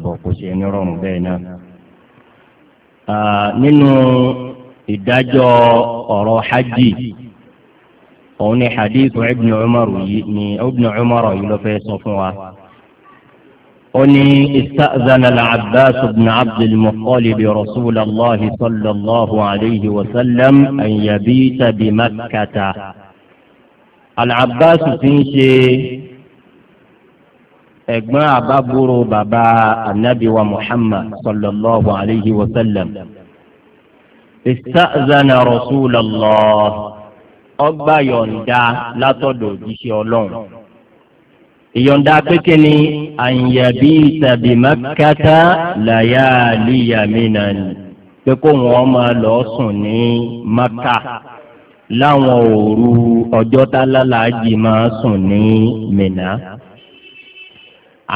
àtààbọ̀ kò ṣe ní rọrùn bẹ́ẹ̀ náà. nínú ìdájọ́ ọ̀rọ̀ hajj òun ni hadithu ibn umar yìí ni ibn umar yìí ló fẹ́ sọ fún wa. أني استأذن العباس بن عبد المطلب رسول الله صلى الله عليه وسلم أن يبيت بمكة العباس في شيء ẹ̀gbọ́n àbábúrò bàbá anabiwa muhammad sallallahu alayhi wa sallam istazana rasulallah ọgbà yọ̀ǹda látọ̀dọ̀ òjíṣẹ́ ọlọ́run ìyọ̀ǹda pété ni àyàbí tàbí mẹ́kàtà làyàlíyàmínà ni pé kó wọn máa lọ sùn ní mẹ́kà láwọn òru ọjọ́ tá máa sùn ní mìnà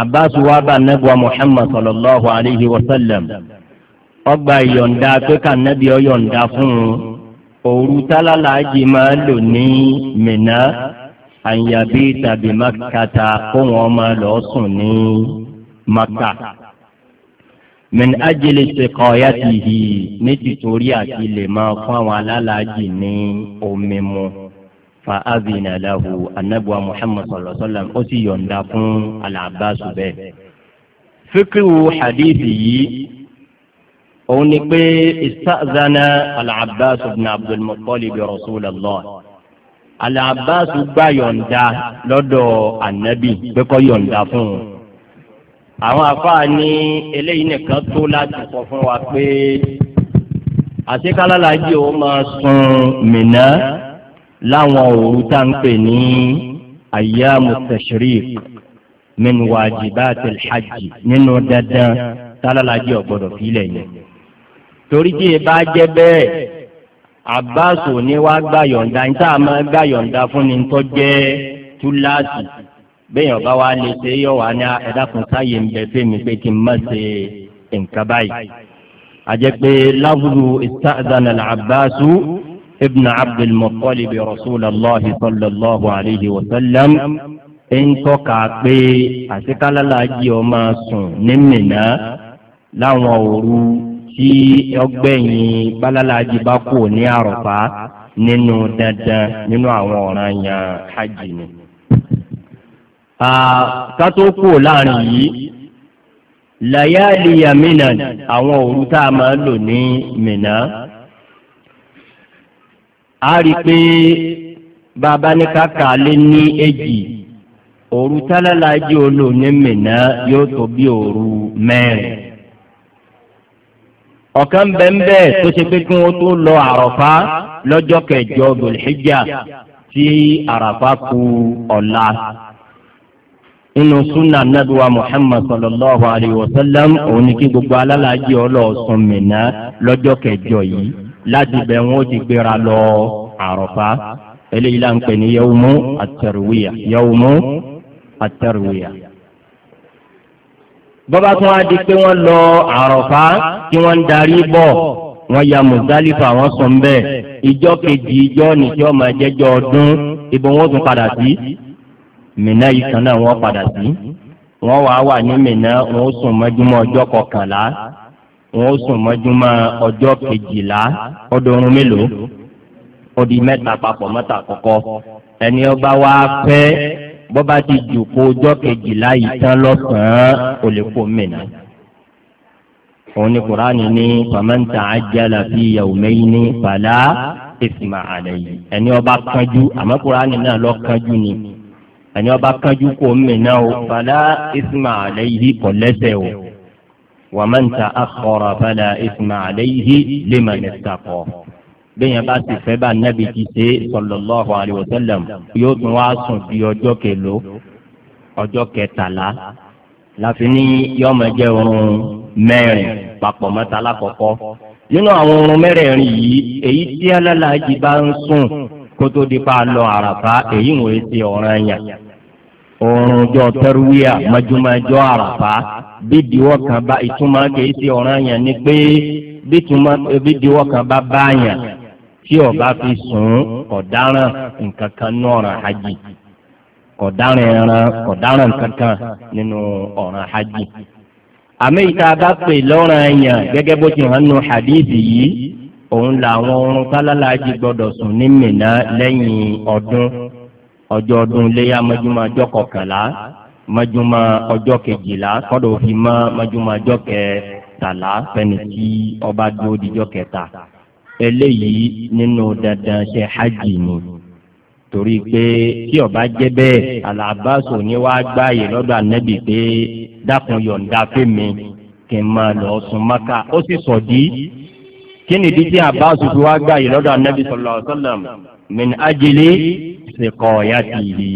abbas wa bá nẹ́gbà muhammad sallallahu alayhi wa sallam ọgbà ìyọ̀ǹda pé ká nẹ́bí ọ yọ̀ǹda fún un òru tálálàájì máa lò ní mìíná àyàbí tàbí makata kó wọn máa lọ sùn ní maka min ajele sekọya tihi ní tìtorí àti lè máa fún àwọn alálàájì ní omi mu fa azina lahu anabuwa muhammad sallallahu alaihi wa sallam ó sì yọ̀ǹda fún alàbáṣu bẹ́ẹ̀. fíkìwù hadithi yìí òun ni pé istazana alàbáṣu bin abdulmutalib rasulallah alàbáṣu gba yọ̀ǹda lọ́dọ̀ anabi pé kó yọ̀ǹda fún un. àwọn afáà ní eléyìí nìkan tó láti sọ fún wa pé àtikálálàájì ó máa sun mìíràn láwọn òru tá ń pè ní ayyamu tashriq min wajibati alhajj nínú dandan tálálàjì ọ̀gbọ́dọ̀ fílẹ̀ yẹn. torí tí e bá jẹ́ bẹ́ẹ̀ Abbas ò ní wá gbà yọ̀ǹda ní tá a máa gbà yọ̀ǹda fún ni tó jẹ́ túláàsì bẹ́ẹ̀yàn bá wá lè ṣe yọ̀ wá ní ẹ̀dákun sáyé ń bẹ fẹ́mi pé kí n má ṣe nǹkan báyìí. àjẹpẹ́ láwùrú ìsáàdánà làbáṣu. ابن عبد المطلب رسول الله صلى الله عليه وسلم ń tọ́ka pé àtikálálà jí ọ máa sùn ní Mínà láwọn òru tí ọgbẹ́yìn bálálàjì bá kù ní àròfá nínú dandan nínú àwọn ọ̀ràn yàn hajj ni. ká tó kù láàrin yìí làyáàlì yàmínà àwọn òru tá a máa lò ní Mínà a rí i pé bàbá ní kàkà lé ní èjì òru tálálàájì olóòní mìíràn yóò tó bí òru mẹ́rin ọ̀kan bẹ́ẹ̀ tó ṣe pé kí wọ́n tó lọ àròfá lọ́jọ́ kẹjọ bòlíjà tí àràfá ku ọ̀la inú sunna nabiwa muhammad sallallahu alayhi wa sallam òun ni kí gbogbo alálàájì ọlọ́ọ̀sán mìíràn lọ́jọ́ kẹjọ yìí láti bẹ̀ wọ́n ti gbéra lọ àrọ̀fá eléyìí là ń pè ní yawmu at-tarwiya yawmu at-tarwiya. bọ́bá tún á di pé wọ́n lọ àrọ̀fá tí wọ́n ń darí bọ̀ wọ́n ya Muzdalifa wọ́n sọ ń bẹ́ẹ̀ ìjọ kejì ìjọ nìjọ́ máa jẹ́jọ́ ọdún ibo wọ́n tún padà sí Mínà yìí náà wọ́n padà sí wọ́n wàá wà ní Mínà wọ́n sùn mọ́júmọ́ ọjọ́ kọkànlá wọn ó sùn mọ́júmọ́ ọjọ́ kejìlá ọdọọrùn mélòó odi mẹ́ta papọ̀ mẹ́ta kọ̀kọ́ ẹni ọba wa pẹ́ bọ́ba ti jù kó ọjọ́ kejìlá yìí tán lọ́sàn-án ó lè kó mìíràn òun ni kuraani ni famanta ajala fi yawmeyni fala isma alayhi ẹni ọba kanjú àmọ́ kuraani náà lọ kanjú ni ẹni ọba kanjú kó mìíràn o fala isma alayhi kò lẹ́ṣẹ̀ o. ومن تأخر فلا إثم عليه لمن اتقى bẹ́ẹ̀ bá ti fẹ́ bá nábì ti ṣe sọlọ́láhu àlùwọ̀sẹ́lẹ̀m yóò tún wá sùn di ọjọ́ kẹlò ọjọ́ kẹtàlá láfi ní yọmọ jẹ́ oorun mẹ́rin papọ̀ mọ́ta lákọ̀ọ́kọ́ nínú àwọn oorun mẹ́rẹ̀ẹ̀rin yìí èyí tí alálàájì bá ń sùn kó tó di pa lọ àràfá èyí wòye ti ọ̀ràn yàn oorun jọ tẹ́rúwíà mọ́júmọ́jọ́ àràfá. bídìwọ́ kan bá ìtumọ̀ kìí ṣe ọ̀ràn yẹn ni pé bídìwọ́ kan bá bá tí ọba fi sùn ọ̀daràn nǹkan kan ọ̀ràn hajj kọ̀daràn ẹran kọ̀daràn kankan nínú ọ̀ràn hajj. àmì ìta bá pè lọ́ràn yẹn gẹ́gẹ́ bó ti hàn yìí òun làwọn oorun tálálàájì gbọ́dọ̀ sùn ní mìíràn lẹ́yìn ọdún ọjọ́ ọdún mọ́júmọ́ ọjọ́ kọkànlá mọ́júmọ́ ọjọ́ kejìlá kọ́dọ̀ òfin mọ́ mọ́júmọ́ ọjọ́ kẹtàlá fẹ́ni tí ọba dúró díjọ́ kẹta eléyìí nínú dandan ṣe hajj ni torí pé tí ọba jẹ́ bẹ́ẹ̀ alábàṣọ ni wàá gbààyè lọ́dọ̀ ànábì pé dákun yọ̀ǹda fèmí kí n máa lọ sùn mọ́kà ó sì sọ̀ dí kí ni dídí àbáṣọ fi wàá gbààyè lọ́dọ̀ ànábì sallallahu alaihi wasallam min ajli siqayatihi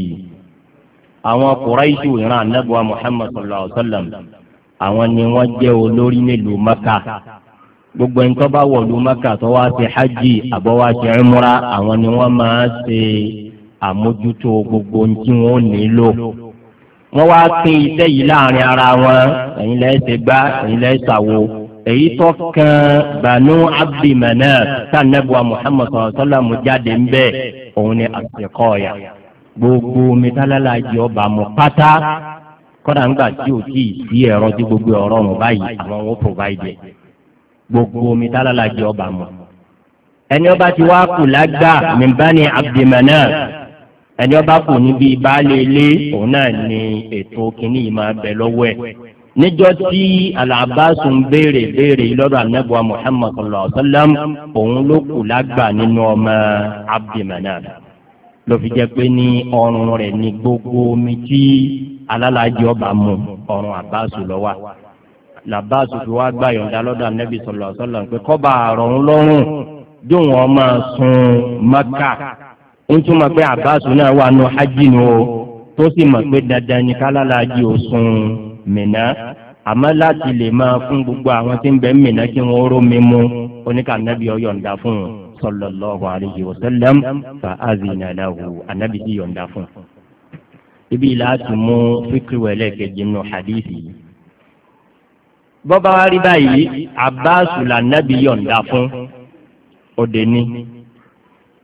àwọn kùráìṣù ìran anábùwà muhammad sallallahu alayhi wa sallam àwọn ni wọ́n jẹ́ olórí nílùú maka gbogbo ẹni tó bá wọ̀ lu maka tó wá ṣe hajj àbọ̀ wá ṣe ẹmúra àwọn ni wọ́n máa ṣe àmójútó gbogbo tí wọ́n nílò wọ́n wá pín iṣẹ́ yìí láàrin ara wọn ẹ̀yin lẹ́yìn gbá ẹ̀yin lẹ́yìn ṣàwo èyí tó kan banu abdi manaf tá muhammad sallallahu alayhi wa sallam jáde ń bẹ́ẹ̀ òun ni àṣekọ́ọ̀yà gbogbo mẹtálálà jẹ ọba mọ pátá kọ́dà ńgbà tí o ti sí ẹ̀rọ tí gbogbo ọ̀rọ̀ mọ̀ báyìí àwọn ò provide gbogbo mẹtálálà jẹ ọba mọ. ẹni ọba ti wá kù lágbà mìbáni abdulmanaf ẹni ọba kù níbi baálé òun náà ni ètò kínní yìí máa bẹ lọ́wọ́ ẹ̀ níjọ́ tí alabasun béèrè béèrè lọ́dọ̀ anabuwa muhammadu sallallahu wa sallam òun ló kù lágbà nínú ọmọ abdulmanaf ló fi jẹ́ pé ní ọrùn rẹ̀ ní gbogbo omi tí alálàájì ọba mu ọrùn àbáṣù lọ wà làbáṣù fi wá gbà yọ̀ǹda lọ́dọ̀ ànábì sọ̀lọ̀ sọ̀lọ̀ pé kọ́ba àrọ̀run lọ́rùn dùn wọ́n máa sun maka ń túmọ̀ pé àbáṣù náà wà nù hajj nù o tó sì mọ̀ pé dandan ni kálálàájì ò sun mìíná àmọ́ láti lè máa fún gbogbo àwọn tí ń bẹ mìíná kí wọ́n ró mú oníkànnẹ́bí ọ̀yọ̀ǹda fún un sallallahu alayhi wa sallam fa azina lahu anabi ti yọ̀ǹda fún. ibi láti mú fíkìrì wẹ̀lẹ̀ kejì nù hadithi yìí. bọ́ba wa rí báyìí abáàsù lànàbí yọ̀ǹda fún òde ní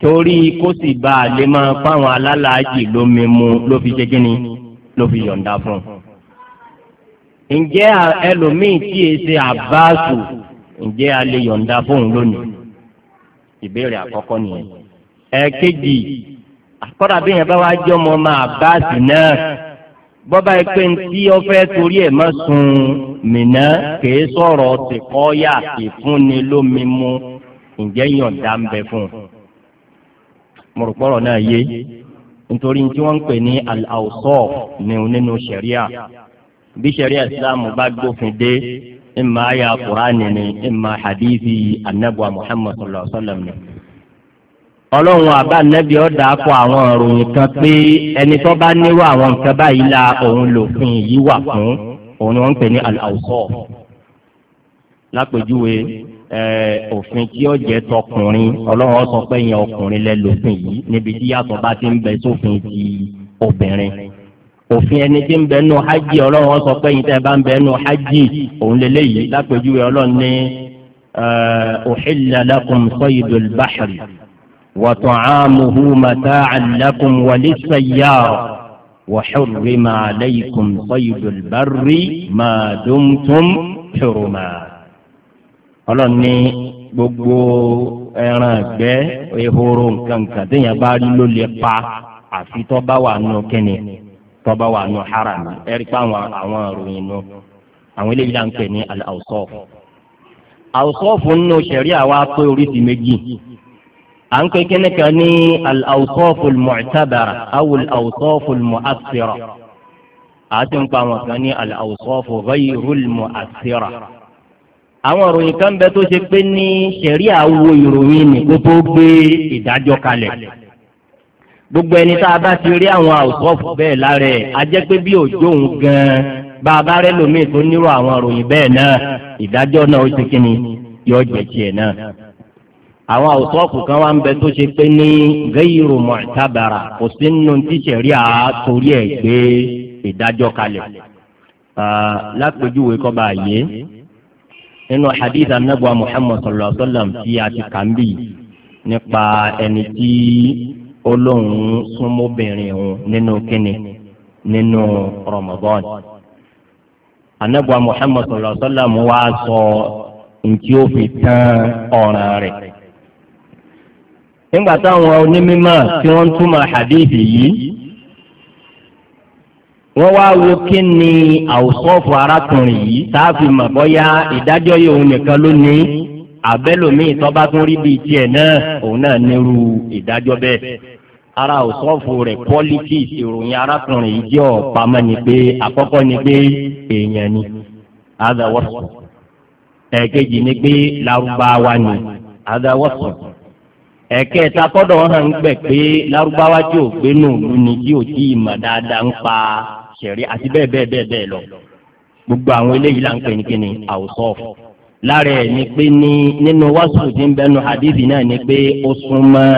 torí kó sì bá a lè máa fáwọn alálàájì lómi mu ló fi ṣe kínní ló fi yọ̀ǹda fún ǹjẹ́ ẹlòmíì tí e ṣe àbáàsù ǹjẹ́ a lè yọ̀ǹda fóun lónìí ìbéèrè àkọ́kọ́ nìyẹn. ẹ̀ẹ́kejì àkọ́dà bí yẹn bá wá jẹ́ ọmọ ọmọ àbáàsì náà bọ́bá yìí pé tí ó fẹ́ torí ẹ̀ mọ́ sun mìíná kìí sọ̀rọ̀ tìkọ́ yà ìfúnni lómi mu ǹjẹ́ yọ̀ǹda ń bẹ fún un. mo rò pọ̀rọ̀ náà yé nítorí tí wọ́n ń pè ní al ní nínú sẹ̀ríà bí sẹ̀ríà islam bá gbófin dé إما àyà kùránì إما ìmọ̀ hadithi محمد صلى الله عليه وسلم. sallam ni. ọlọ́run àbá nẹ́bí ọ̀dà kọ àwọn ìròyìn kan pé ẹni tó bá níwò àwọn nǹkan báyìí la òun lòfin yìí wà fún òun ni wọ́n ń pè ní al lápèjúwe òfin tí ó jẹ́ tọkùnrin ọlọ́run ó pé yẹn ọkùnrin lẹ lòfin yìí níbi tí yàtọ̀ bá ti ń bẹ sófin ti obìnrin òfin ẹni tí ń bẹ nù hajj ọlọ́run sọ pé yìí tẹ́ bá ń bẹ nù hajj òun lélẹ́yìí lápèjúwe ọlọ́run ní uhilla lakum saydul bahri wa ta'amuhu mata'an lakum walis-sayyara wa hurrima alaykum saydul barri ma dumtum huruma. ọlọ́run ní gbogbo ẹran ẹgbẹ́ ehoro nǹkan téèyàn bá rí pa àfi bá wà nù kẹ́nìyàn tọ́ba wà nù haram ẹ̀rí pa àwọn àwọn ìròyìn nù àwọn eléyìí là ń pè ní al-awsaf awsaf nù ṣẹ̀ríà wa pé oríṣi méjì à ń pè kíni kan ní al-awsaf al-mu'tabara aw al-awsaf à ti ń pa àwọn kan ní al-awsaf ghayru al àwọn ìròyìn kan bẹ tó ṣe pé ní ṣẹ̀ríà wo ìròyìn nìkó tó gbé ìdájọ́ kalẹ̀ gbogbo ẹni tá a bá ti rí àwọn àwòsọ́ọ̀fù bẹ́ẹ̀ lára ẹ̀ a jẹ́ pé bí òjò òun gan-an bá a bá rẹ́ lómìn tó nírò àwọn àròyìn bẹ́ẹ̀ náà ìdájọ́ náà ó ti kíni yọ jẹ́ tiẹ̀ náà. àwọn àwòsọ́ọ̀fù kan wá ń bẹ tó ṣe pé ní gẹ́yìrò mọ̀tábàrà kò sí nínú tíṣẹ̀rí à torí ẹ̀ gbé ìdájọ́ kalẹ̀. lápèjúwe kọ́ bá a yé nínú hadith anabu muhammad sallallahu alaihi wa sallam tí a ti kàn bí olóhùn súnmọ́bìnrin òun nínú kínní nínú Ramadan anagba Muhammad sallallahu alaihi wa sallam wa sọ nti o fi tán ọ̀ràn rẹ̀ nígbà táwọn onímọ̀ tí wọ́n túmọ̀ hadithi yìí wọ́n wá wo kí ni àwòsọ́ọ̀fù arákùnrin yìí táàfin mọ̀ ìdájọ́ yìí òun nìkan ló ní abẹ́lòmíì tó rí bíi tiẹ̀ náà òun náà nírú ìdájọ́ bẹ́ẹ̀. ara òsọ́fù rẹ̀ pọ́lítì ìròyìn arákùnrin yìí jẹ́ ọ̀pamọ́ ni pé àkọ́kọ́ ni pé èèyàn ni ekeji ni pé larubawa ni adawọ́sọ̀ ẹ̀kẹta kọ́dọ̀ hàn gbẹ̀ pé lárúbáwá tí ò gbé nù lù tí ò tí ì dáadáa ń pa àti lọ gbogbo àwọn eléyìí là ń pè ní ni pé ní nínú wàásù tí ń bẹnu hadithi náà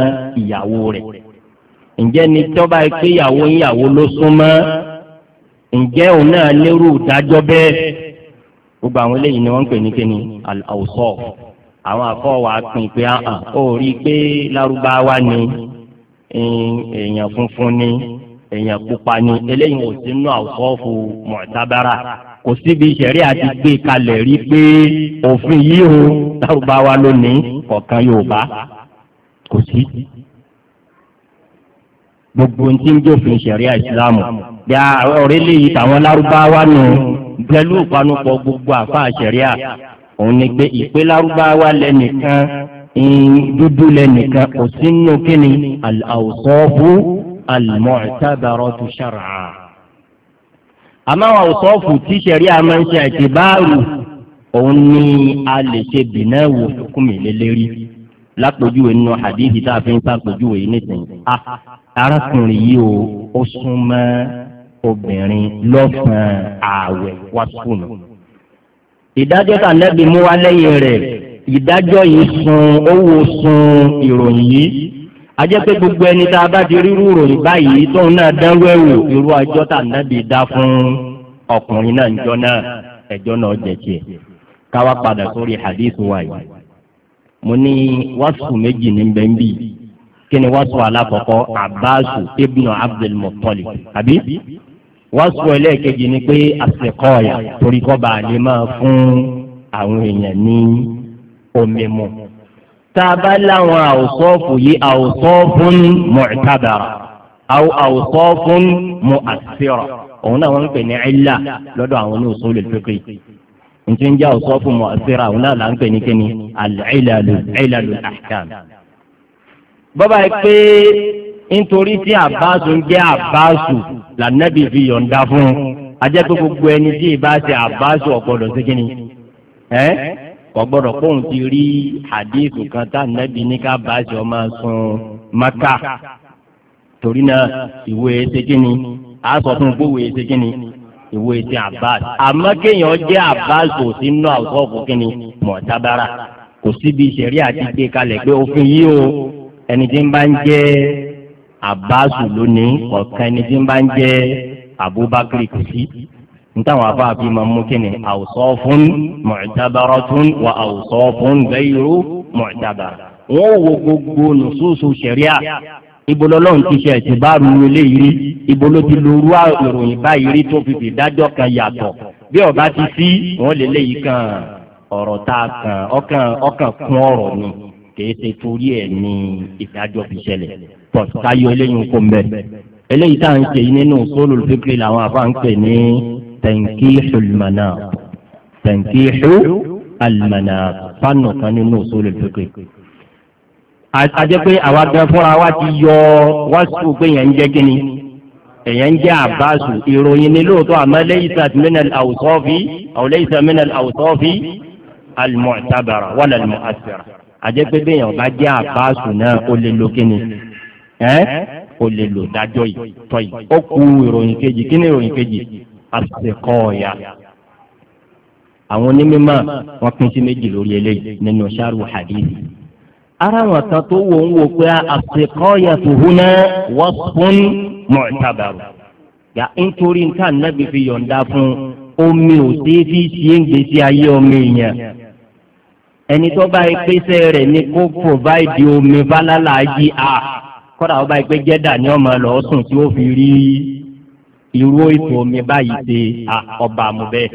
ǹjẹ́ ni tọ́ba pé ìyàwó ìyàwó ló súnmọ́ ǹjẹ́ òun náà lérò dájọ́ bẹ́ẹ̀ gbogbo àwọn eléyìí ni wọ́n ń pè ní kíni àwùsọ̀ àwọn àfọwà pin pé àhàn ó rí i pé lárúbáwá ni èèyàn funfun ni èèyàn pupa ni eléyìí ò sí nínú àwùsọ̀ fún mọ̀tábára kò síbi ìṣẹ̀rí àti gbé kalẹ̀ rí pé òfin yìí o lárúbáwá lónìí kọ̀ọ̀kan Yorùbá kò sí gbogbo ntí ń jófin ṣẹ̀ríà ìsìlámù bí ọ̀rẹ́ léyìí tàwọn lárúbáwá nù pẹ̀lú ìpanupọ̀ gbogbo àfa ṣẹ̀ríà òun ni pé ìpè lárúbáwá lẹ́nìkan dúdú lẹ́nìkan kò sínú kíni al-awsafu al-mu'tabaratu shar'a. àmọ́ àwọn awsafu tí ṣẹ̀ríà máa ń ṣe àtibáàrù òun ni a lè ṣe bìnnà wò fúnkùnmí lélẹ́rí lápòjúwe nínú hadithi tá a fi ń sàpòjúwe yìí nìsín. arákùnrin yìí o ó ma obìnrin lọ́sàn-án ààwẹ̀ wá ìdájọ́ tà nẹ́bí mú wá sun owó sun ìròyìn yìí ajẹ́ pé gbogbo ẹni tá a bá ti rírú ìròyìn báyìí tóun náà dánwó ẹ̀wò irú ajọ́ tà nẹ́bí dá fún ọkùnrin náà níjọ́ náà ẹjọ́ náà jẹ̀ káwá padà sórí hadith wa yìí mo ní wàásù méjì ní bẹ́ńbì kíni wàásù alákọ̀ọ́kọ́ abbasu ibnu abdul muttalib àbí wàásù ẹlẹ́ẹ̀kejì ni pé àsìkọ́ọ̀yà torí kọ́ba lè máa fún àwọn èèyàn ní omi mu. tá a bá láwọn àwòsọ́ọ̀fù yìí àwòsọ́ọ̀fún mu'tabara àwọn àwòsọ́ọ̀fún mu'assira òun náà wọ́n ń pè ní illa lọ́dọ̀ àwọn ní usul al-fiqh ntí ń jẹ́ àwòsọ́ọ̀fún mu'assira òun náà là ń pè ní kíni al-ilalu ilalu al-ahkam bọ́bá yìí pé nítorí tí àbáṣu ń jẹ́ àbáṣu lànàbí fi yọ̀ǹda fún un ajẹ́ pé gbogbo ẹni tí ì bá ṣe àbáṣu ọ̀gbọ́dọ̀ sí kínní ẹ́ ọ̀gbọ́dọ̀ kóhun ti rí àdéhùn kan tá nàbí ní ká báṣu ọmọ sun maka torí náà ìwé ṣe kínní a sọ fún un pé ìwé ṣe kínní ìwé ṣe àbáṣu àmọ́ kéèyàn jẹ́ àbáṣu sínú àwòkọ́ fún kínní mọ̀tábára kò síbi ìṣẹ̀rí àti gbé kalẹ̀ pé òfin yìí o. ẹni tí ń bá abasu lónìí ọ̀kan ẹni tí ń bá ń jẹ́ abubakar kò sí ntàwọn afáàfin máa mú kí ni awsafun mu'tabaratun wa awsafun ghayru mu'tabara wọn wo gbogbo nùsùsù sẹríà ibololóhùn ti ṣe ẹtì bá ru eléyìí rí ibolo ti lu ru ìròyìn báyìí rí tó fìfì dájọ́ kan yàtọ̀ bí ọba ti sí wọn lè léyìí kan ọ̀rọ̀ ta kan ọkàn ọkàn kún ọ̀rọ̀ ni. kìí ṣe torí ẹ̀ ní ìdájọ́ fi ṣẹlẹ̀ pọ̀tayọ eléyìí kò mbẹ́ eléyìí tá à ń ṣe yìí nínú usulul fikri làwọn afa ń pè ní tankihul manab tankihul manab fánù kan nínú usulul fikri ajẹ́ pé àwa gan fúnra wa ti yọ wáṣíù pé yẹn ń jẹ́ kínní èyàn ń àbáṣù ìròyìn ni lóòótọ́ àmọ́ laysa min al-awsafi aw laysa min al-awsafi al-mu'tabara wala al-mu'assira. àjẹpẹ́ bẹ́yàn ọba jẹ àbáṣù náà ó lè lo kíni ẹ ó lè lo dájọ́ yìí tọ́ yìí ó ìròyìn kejì kíni ìròyìn kejì àsìkò ọ̀yà àwọn onímọ̀ wọn pín sí méjì lórí eléyìí nínú hadith ara wọn kan tó wò ń wò pé àsìkò ọ̀yà tó wọ́n fún yà nítorí fi omi ò ẹni tó bá yẹ pèsè rẹ̀ ni kó provide omi balala yí a kọ́dà ó bá yẹ pé jẹ́dà ni ọmọ lọ sùn tí ó fi rí irú ètò omi báyìí ṣe ọba àmúbẹ́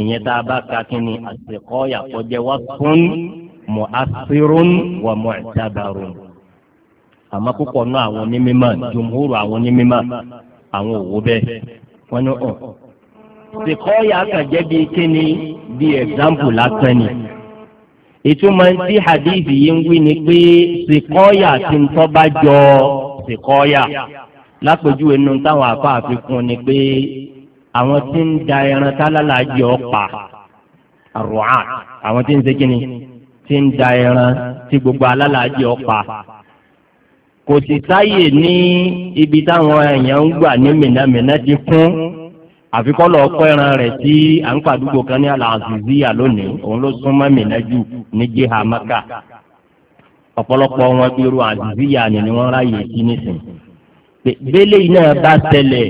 ìyẹn tá a bá ka kí ni àṣekọ́ yàtọ̀jẹ́ wá fún mu'asirun wa mu'tabarun àmọ́ púpọ̀ náà àwọn onímọ̀ jùmúrù àwọn onímọ̀ àwọn òwò bẹ́ẹ̀ wọ́n ní ọ̀ ṣèkọ́ yà kàn jẹ́ bíi kí ni bíi example lásán ni ìtumọ̀ tí hadithi yìí ń wí ni pé sìkọ́yà ti ń tọ́ba jọ sìkọ́yà lápèjúwe nínú táwọn àfa àfikún ni pé àwọn tí ń da ẹran tálálàájì ọ̀pá àrùá àwọn tí ń ṣe kíni tí ń da ẹran tí gbogbo alálàájì ọ̀pá kò sì sáyè ní ibi táwọn èèyàn ń gbà ní mìnàmìnà ti kún àfikọ́ lọ kọ́ ẹran rẹ̀ tí à ń pàdúgbò kan ní Al-Aziziyya lónìí òun ló súnmọ́ mìínájú ní jeha maka ọ̀pọ̀lọpọ̀ wọn bí irú Al-Aziziyya ni ni wọ́n ráyè sí nísìn. bẹ́lẹ̀ iná bá tẹ̀lẹ̀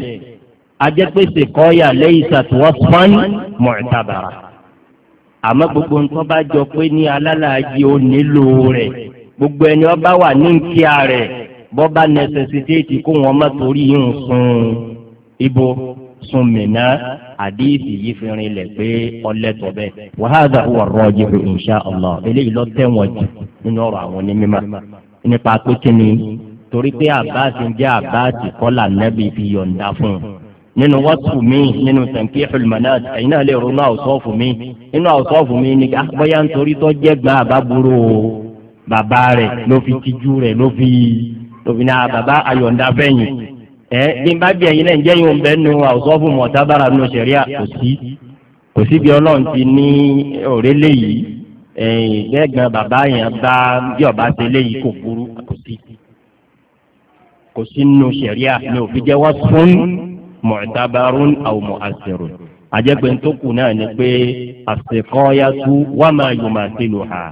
ajẹ́pèsè kọ́ọ̀yà laysat wasfan mu'tabara àmọ́ gbogbo nǹkan bá jọ pé ní alálàájì ó nílò rẹ̀ gbogbo ẹni ọba wà ní nkíà rẹ̀ bọ́ba nẹsẹsitéètì kó ibo súnmìnà àdéhìsì yìí fi rinlẹ̀ pé ọlẹ́tọ̀ bẹ́ẹ̀. wàhálà wà rọ́ọ̀jì fún insha allah eléyìí lọ tẹ̀wọ̀n jù nínú ọ̀rọ̀ àwọn onímọ̀ nípa pé kíni torí pé àbáàsì ń jẹ́ àbáàsì kọ́là nẹ́bí fi yọ̀ǹda fún un nínú wọ́tù mi nínú tẹ̀ǹkì ìfìlmọ̀nà ẹ̀yin náà lè ronú àwòsọ́ọ̀fù mi nínú àwòsọ́ọ̀fù mi ni bóyá nítorí tó jẹ́ gbà àbábúrò bàbá rẹ̀ ló fi tijú rẹ̀ ló fi ní ah, bàbá ayọ̀ǹda fẹ́yìn ẹ bí n bá bí ẹyin náà ń jẹ́ yóò ń bẹ́ nu àwùsọ́ fún mọ̀tábàrà nù sẹ̀ríà kò sí kò sí bí ọlọ́run ti ní òrèlè yìí gbẹ́gbẹ́ bàbá yẹn bá bí ọba ṣe léyìí kò burú kò sí kò sí nù sẹ̀ríà ní òfin jẹ́ wá fún mọ̀tábàrà àwọn àṣẹrò àjẹgbẹ́ tó náà ni pé àṣekọ́yàtú wà máa yọ̀ máa ṣe lò hà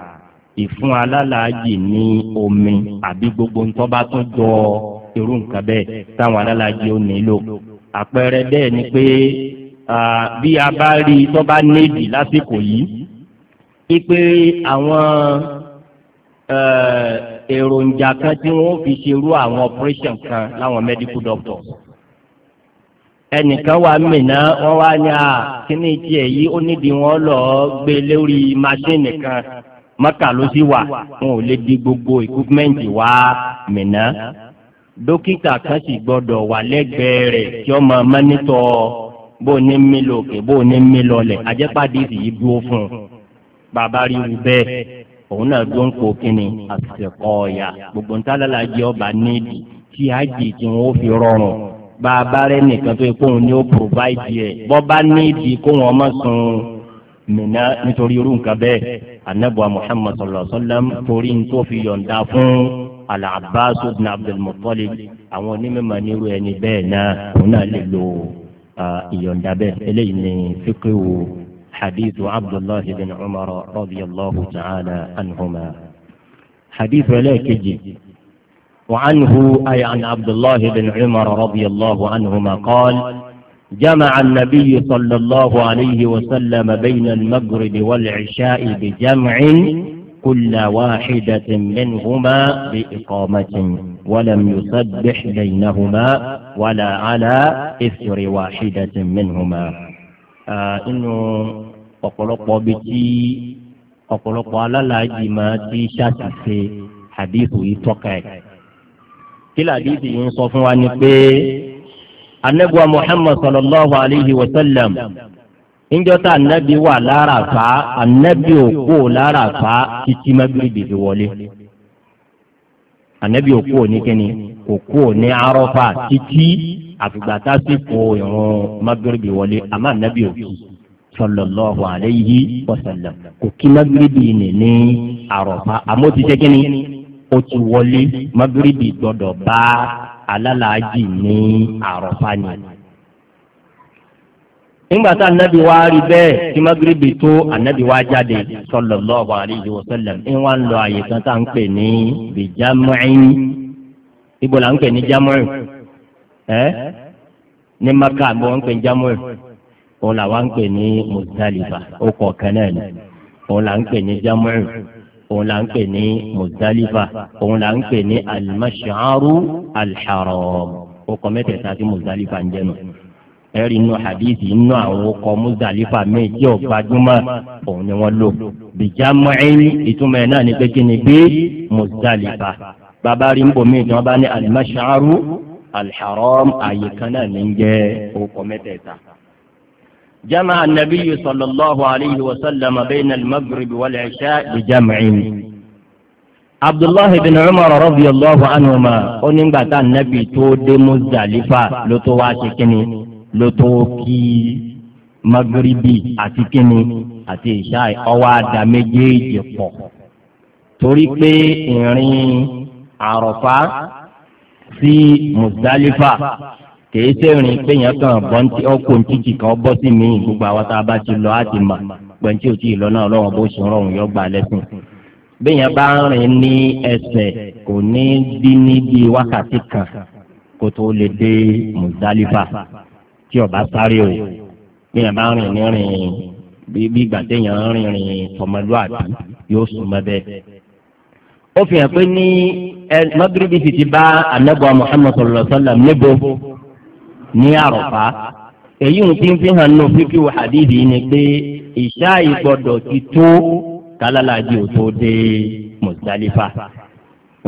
ìfún alálàájì ní omi àbí gbogbo ntọ́ bá tún jọ ọ́ irú nǹkan bẹ́ẹ̀ táwọn alálàájì ò nílò àpẹẹrẹ bẹ́ẹ̀ ni pé bí a bá rí tó bá nídìí lásìkò yìí ipe àwọn èròjà kan tí wọ́n fi ṣerú àwọn operation kan láwọn medical doctor ẹnìkan wà mìíràn wọ́n wá ní à kíní tiẹ̀ yìí ó nídìí wọ́n lọ gbé e lórí machine kan mọ́kà ló sì wà wọn ò lè di gbogbo equipment wá mìíràn dókítà kan sì gbọ́dọ̀ wà lẹ́gbẹ̀ẹ́ rẹ̀ kí ọ máa mánítọ̀ bó ní mí lòkè bó ní mí lọlẹ̀ ajẹ́pàdésì yìí dúró fún un bàbá rí wù bẹ́ẹ̀ òun náà dúró ń kínní àsìkò ọ̀yà gbogbo ń tálálà jẹ́ ọba nídìí tí àjì tí wọ́n fi rọrùn bàbá rẹ nìkan tó yẹ kó òun ní ó provide yẹ bọ́bá nídìí kó wọn má sun mìíná nítorí irú nǹkan bẹ́ẹ̀ anábọ̀ Muhammad sallallahu alaihi wasallam torí ní tó fi yọ̀ǹda fún un al-Abbas ibn Abdul Muttalib àwọn onímọ̀ nírú ẹni bẹ́ẹ̀ náà òun náà lè lo ìyọ̀ǹda bẹ́ẹ̀ eléyìí ni fíkìwò hadith abdullahi bin umar radiyallahu ta'ala anhuma hadith ẹlẹ́ẹ̀kejì وعنه أي عن عبد الله بن عمر رضي الله عنهما قال جمع النبي صلى الله عليه وسلم بين المغرب والعشاء بجمع كل واحدة منهما بإقامة ولم يسبح بينهما ولا على إثر واحدة ر و ا ح د ة منهما إ ن ه اقلق بتي اقلق على لاجما تي شاسسي حديث يتوقع كلا ديتي ينصفوا عنك ب أ ن ب و محمد صلى الله عليه وسلم níjọ́tà ànábì wà láràfá ànábì òkú láràfá títí mágíríbì fi wọlé ànábì òkú òní kíni òkú òní arọ́fà títí àfìgbàtà sí kó ìrún mágíríbì wọlé àmọ́ ànábì òkú sallallahu alayhi wa sallam kò kí mágíríbì ní ní arọ́fà àmọ́ ti ṣe kíni ó ti wọlé mágíríbì gbọ́dọ̀ bá alálàájì ní arọ́fà nìyẹn nígbà tá anabi wa rí bẹ́ẹ̀ tí magrebi tó anabi wa jáde sallallahu alayhi wa sallam ń wá ń lọ àyè kan tá à ń pè ní bijamuin ibo la ń pè ní jamuin ẹ ní maka bó ń pè ní jamuin òun là wá ń pè ní muzdalifa ó kọ̀ kẹ́nẹ́ ni òun là ń pè ní jamuin òun là ń pè ní muzdalifa òun là ń pè ní al-mash'aru ó kọ́ mẹ́tẹ̀ẹ̀ta sí muzdalifa ń jẹ́ ẹ̀rí inú hadithi inú àwọn ọkọ̀ muzalifa míì tí ò gbajúmọ̀ òun ni wọ́n lò bìjà mọ́ẹ́yìn ìtumọ̀ ẹ̀ náà ni pé kí ni bí muzalifa bàbá rí ń bò míì tí bá ní alimashaaru alḥaram àyè kan náà ní jẹ́ ọkọ̀ mẹ́tẹ̀ẹ̀ta. جمع النبي صلى الله عليه وسلم بين المغرب والعشاء بجمع abdullahi bin umar radiyallahu anhuma ó nígbà tá a nàbì tó dé ló tó kí magribi àti kíni àti ìṣá ọwọ́ àdá méjèèjì pọ̀ torí pé ìrìn àròfá sí Muzdalifa kìí sẹ́rìn péyàn kan bọ́ntì ọkùn títì kan bọ́ sí mi gbogbo àwọn tá a bá ti lọ á ti mà pẹ̀ntì òtí ìlọ náà lọ́wọ́ bó ṣe rọrùn yọ gbà lẹ́sìn béèyàn bá ń rìn ní ẹsẹ̀ kò ní dín ní bíi wákàtí kan kó tó lè dé Muzdalifa tí ọba sáré o bí ẹ bá rìn ní rìn bí ìgbà téèyàn rìn rìn tọmọlúwàbí yóò súnmọ́ bẹ́ẹ̀. ó fi hàn pé ní mọ́gíríbì sì ti bá anábọ̀ Muhammad sallallahu alaihi wasallam níbo ní àròfá èyí ń ti fi hàn nù fífi wà hadithi ni pé ìṣá ìgbọ́dọ̀ ti tó kálálàájì ò tó dé Muzdalifa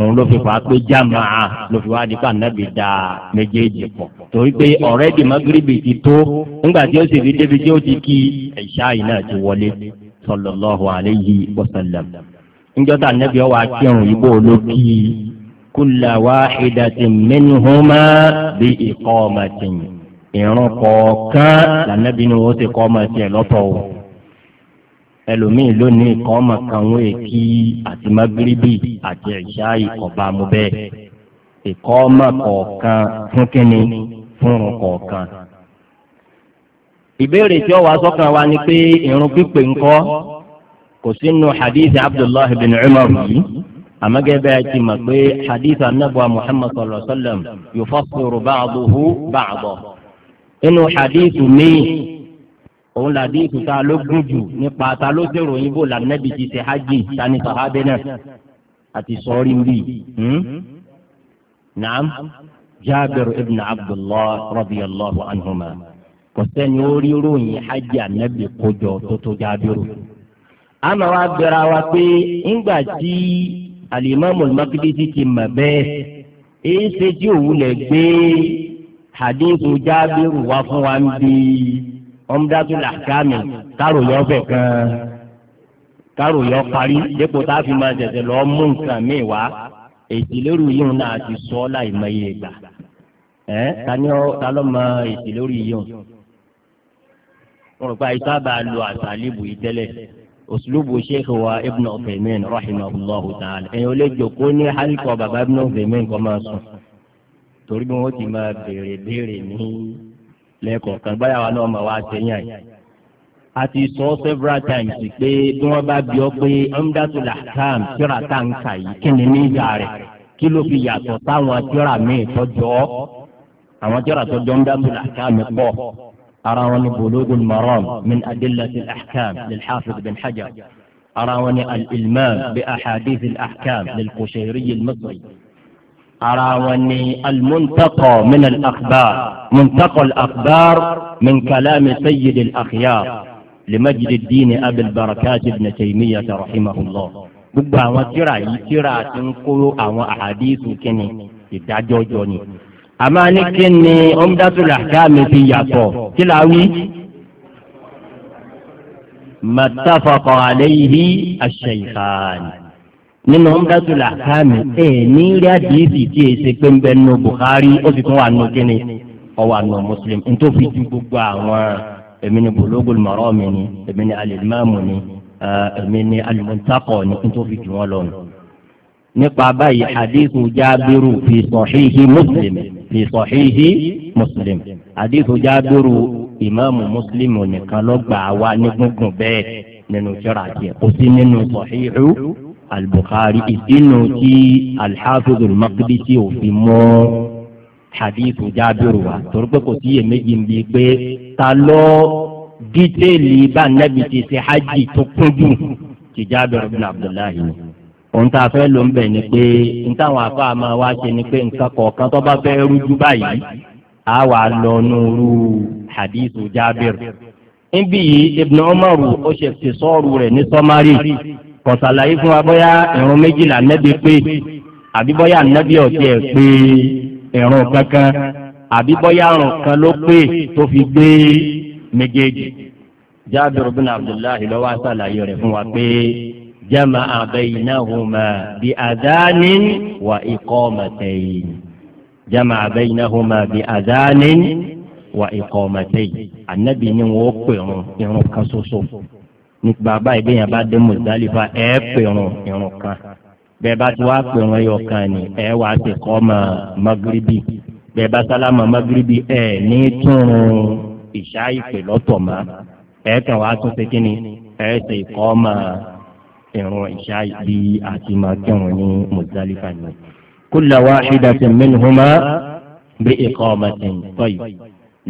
òun ló fi fà á pé jámàá ló fi wá di ká nàbì da méjèèjì pọ̀ torí pé ọ̀rẹ́ di magrebi ti tó nígbà tí ó sì fi débi tí ó ti kí ẹ̀ṣá yìí náà ti wọlé sallallahu alayhi wa sallam níjọ́tà nàbì ọwọ́ akírun ìbò ló kí kulla wahidatin minhuma bi iqamatin ìrun kọ̀ọ̀kan lànàbì ni wọ́n ti kọ́ ọmọ tiẹ̀ lọ́tọ̀ ẹlòmíì lónìí kan ọmọ kan wọn èkí àti magiribi àti ẹ̀ṣá ìkọ̀bá mu bẹ́ẹ̀ ìkọ́ ọmọ kọ̀ọ̀kan fún kínní fún kọ̀ọ̀kan. ìbéèrè tí ó wàá sọ́kàn wa ni pé irun pípé ńkọ́ kò sínú hadith abdullahi bin umar yìí àmọ́gẹ́ ti mọ̀ pé hadith anabu muhammad sallallahu alayhi wa sallam yufassiru ba'duhu ba'dahu. inú hadith miin òun làdí ìtúta ló gùn jù nípa ta ló dèrò yín bò lànàbì ti ṣe hajj tani sàhábẹ náà àti sọrí ń bì hmm? naam jaabir ibn abdullah radiyallahu anhuma kò sẹ́ni ó rí ròyìn hajj ànábì kójọ tó tó jaabiru. àmọ́ wa gbéra wa pé ńgbà tí alimami makidisi ti mọ̀ bẹ́ẹ̀ èyí ṣe tí òun lè gbé hadithu jaabiru wá fún wa ń bíi ọmọdátú làkàmì kárò yọ ọbẹ kan kárò yọ parí dépò tá a fi máa tẹ̀sẹ̀ lọ mú nǹkan míì wá ètìlérú yìí náà ti sọ láì mọ iye gbà ẹ tani ọ ta ló mọ ètìlérú yìí o wọn gba ìta bá a lo àsàlìbù yìí tẹ́lẹ̀ òsùlùbù sheikh wa ibn ọ̀fẹ̀mẹ́n rahimahullahu ta'ala ẹ̀yin olè jòkó ní hálíkọ̀ bàbá ibn ọ̀fẹ̀mẹ́n kọ́ máa sùn torí bí wọ́n ti máa béèrè béèrè ní lẹ́ẹ̀kọ̀ọ̀kan báyà wa náà mà wá sẹ́yìn àyè. a ti sọ several times pé bí wọ́n bá bí ọ pé Umdatul Ahkam tíra tá n kà yìí kí ni ní ìjà rẹ̀ kí ló fi yàtọ̀ táwọn tíra míì tọ́jọ́ àwọn tíra tọ́jọ́ Umdatul Ahkam pọ̀ ara wọn ni Bulughul Maram min Adillatil Ahkam lil Hafiz bin Hajar ara wọn ni al-Ilmam bi ahadithil ahkam lil Qushayri al-Misri. أراوني المنتقى من الاخبار منتقى الاخبار من كلام سيد الاخيار لمجد الدين ابي البركات ابن تيميه رحمه الله بقى وجرى يجرى تنقل او احاديث كني يتعجوجوني اما نكني عمدة الاحكام في يعقوب كلاوي ما اتفق عليه الشيخان nínú ọmọdátúlà káàmì ẹ ní rí àdìsí tí e ṣe pé ń bẹ nù Bukhari ó sì tún wà nù kíni ọwọ àná Muslim ntòfi ju gbogbo àwọn èmi ni Bulugul Marami ni èmi ni al-Imamu ni èmi ni al-Muntaqa ni ntòfi ju wọn lọ nù nípa báyìí hadithu jábírù fi sọ̀híhi muslim fi sọ̀híhi muslim hadithu jábírù ìmáàmù muslim nìkan ló gbà wá ní gúngùn bẹ́ẹ̀ nínú البخاري bukhari تي الحافظ المقدسي hafiz al-Maqdisi òfin mọ́ hadith jábìrì wa torí pé kò sí iyèméjì ń bi pé ta lọ dítéèlì bá nẹ́bi ti ṣe hajj tó kún jù ti jábìrì ibn Abdullahi ni ohun tá a fẹ́ ló ń bẹ̀ ni pé n táwọn afáà máa wá ṣe ni pé nǹkan kọ̀ọ̀kan tó bá fẹ́ rújú báyìí á wà lọ nuru hadith jábìrì níbí yìí Ibn Umar ó ṣe ti sọ́ọ̀rù rẹ̀ ní sọ́márì kò ṣàlàyé fún wa bóyá ìrun méjìlá nẹ́bi pé àbí bóyá nẹ́bi ọ̀tí ẹ̀ pé ìrun kankan àbí bóyá ìrun kan ló pé tó fi gbé méjèèjì. Jábìrì bin Abdullahi ló wá ṣàlàyé rẹ̀ fún wa pé jama'a baynahuma bi adhanin wa iqamatayn jama'a baynahuma bi adhanin wa iqamatayn ànábì ni wọ́n pè irun irun kan ṣoṣo nípa báyìí bí yẹn bá dé mùsálífà ẹ pèrún irun kan bẹ́ẹ̀ bá ti wá pèrún ẹyọ kan ni ẹ wàá ti kọ́ ọmọ magiribi bẹ́ẹ̀ bá sálámà magiribi ẹ ní túrun ìṣá ìpè lọ́tọ̀ mọ́ ẹ kàn wá tún ṣe kí ni ẹ ṣe ìkọ́ ọmọ irun ìṣá ìbí àti máa ní mùsálífà ni. kulla wahidatin minhuma bi iqamatin tayyib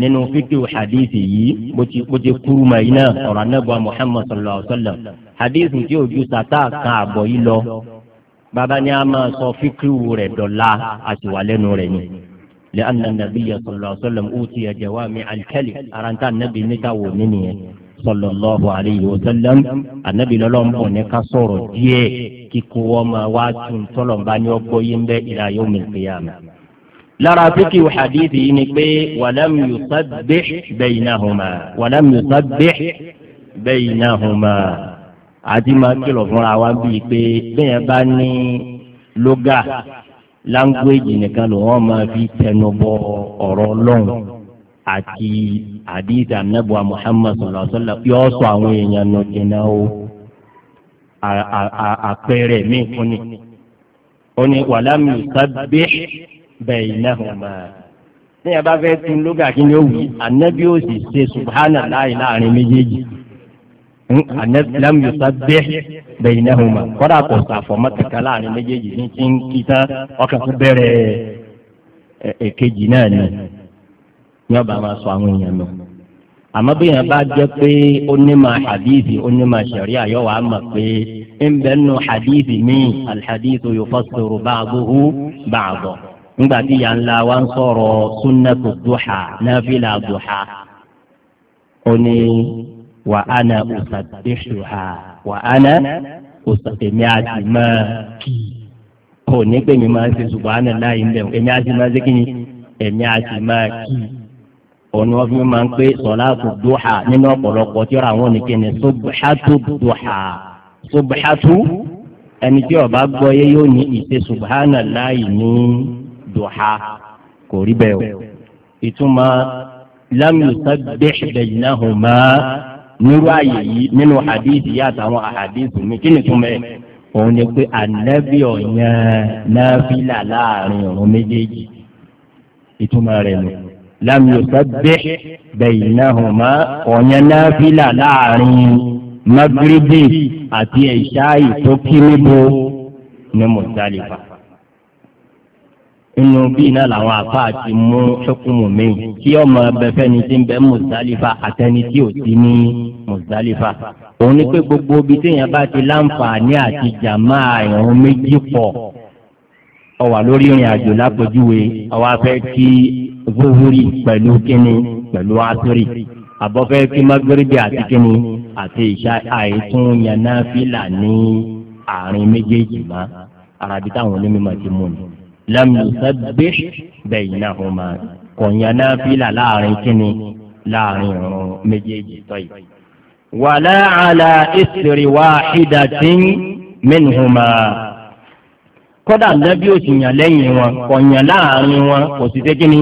nínú fíkìw hadithi yìí bó ti bó ti kúrú ma yìí náà ọ̀rọ̀ anábọ̀ muhammad sallallahu alayhi wa sallam hadithi tí ojú tata kan àbọ̀ yìí lọ bàbá ni a máa sọ fíkìw rẹ̀ dọ̀la àtiwálẹ́nu rẹ̀ ni lẹ́yìn anabiya sallallahu alayhi wa sallam ó ti ẹ̀jẹ̀ wá mi alikẹ́lì aráńtà anabi níta wò mí nìyẹn sallallahu alayhi wa sallam anabi lọ́lọ́mọ̀ ní ká sọ̀rọ̀ díẹ̀ kíkó wọ́n máa wá tún tọ́lọ̀ lára fíkì hadithi yìí ni pé wàlám yusabbih baynahuma wàlám yusabbih baynahuma àti máa kìlọ̀ fúnra wa bíi pé bẹ́ẹ̀ bá ní lóga láńgbéèjì nìkan ló wọ́n máa fi tẹnu bọ ọ̀rọ̀ ọlọ́run àti hadith anabuwa muhammad sallallahu alaihi wa sọ àwọn èèyàn nù jìnnà o àpẹẹrẹ mi fún ó ní wàlám yusabbih baynahuma ní yàrá fẹ́ tún lóga kí ni ó wí anabi ó sì ṣe subhanallahi láàrin méjèèjì anabi hmm? lam yusabbih baynahuma kọ́dà kò sàfọ̀ mọ́tàkà láàrin méjèèjì ní ti ń kí tán ọkàn tó bẹ̀rẹ̀ èkejì náà ni ní ọba máa sọ àwọn èèyàn nù àmọ́ bí yẹn bá jẹ́ pé ó ní ma hadithi ó ní ma sariya yọ wàá mọ̀ pé ń bẹ́ẹ̀ nù hadithi mi alhadithu yufassiru ba'duhu ba'dahu nígbà tí ìyá ńlá wa ń sọ̀rọ̀ sunnatu duha nafila duha ó ní wa ana usabbihuha wa ana òsèmí àti máa kì í kò ní pé mi máa ń ṣe subahana láàyè ń bẹ̀ èmi àti máa ṣe kíni èmi àti máa kì í òun wọn fi máa ń pé sọláàtù duha nínú ọ̀pọ̀lọpọ̀ tí ọ̀rọ̀ àwọn oníkẹ́ni subhatu duha subhatu ẹni tí ó gbọ́ yé yóò ní ìṣe subahana láàyè ní duha kò rí bẹ́ẹ̀ o ìtumọ̀ lam yusabbih baynahuma nírú àyè yìí nínú àdìsí yìí àtàwọn àdìsí mi kí ni túmọ̀ ẹ̀ òun ni pé ànábì ọ̀yàn náfìlà láàrin ọ̀run méjèèjì ìtumọ̀ rẹ̀ nù lam yusabbih baynahuma ọ̀yàn náfìlà láàrin magrebi àti ẹ̀ṣáì tó kí níbo ní mùsàlìfà inú bíi náà làwọn àfa ti mú ṣókùnmù mi kí ọmọ bẹfẹ ni ti ń bẹ mùsálífà àtẹni tí ò ti ní mùsálífà òun ni pé gbogbo ibi téèyàn bá ti láǹfààní àti jàmá ìrun méjì pọ̀ ó wà lórí ìrìn àjò lápèjúwe àwa fẹ́ kí zuhuri pẹ̀lú kíni pẹ̀lú asiri àbọ̀fẹ́ kí magrebi àti kíni àti ìṣá àìtún yanáfìlà ní àárín méjèèjì má arabi táwọn onímọ̀ ti mú ni lam yusabbih baynahuma kọ̀nyà náà fílà láàrin kínní láàrin ọ̀run méjèèjì tọ́yì. wala ala isri wahidatin minhuma kódà nàbí òsì yàn lẹ́yìn wọn kọ̀nyà láàrin wọn kò sì tẹ́ kínní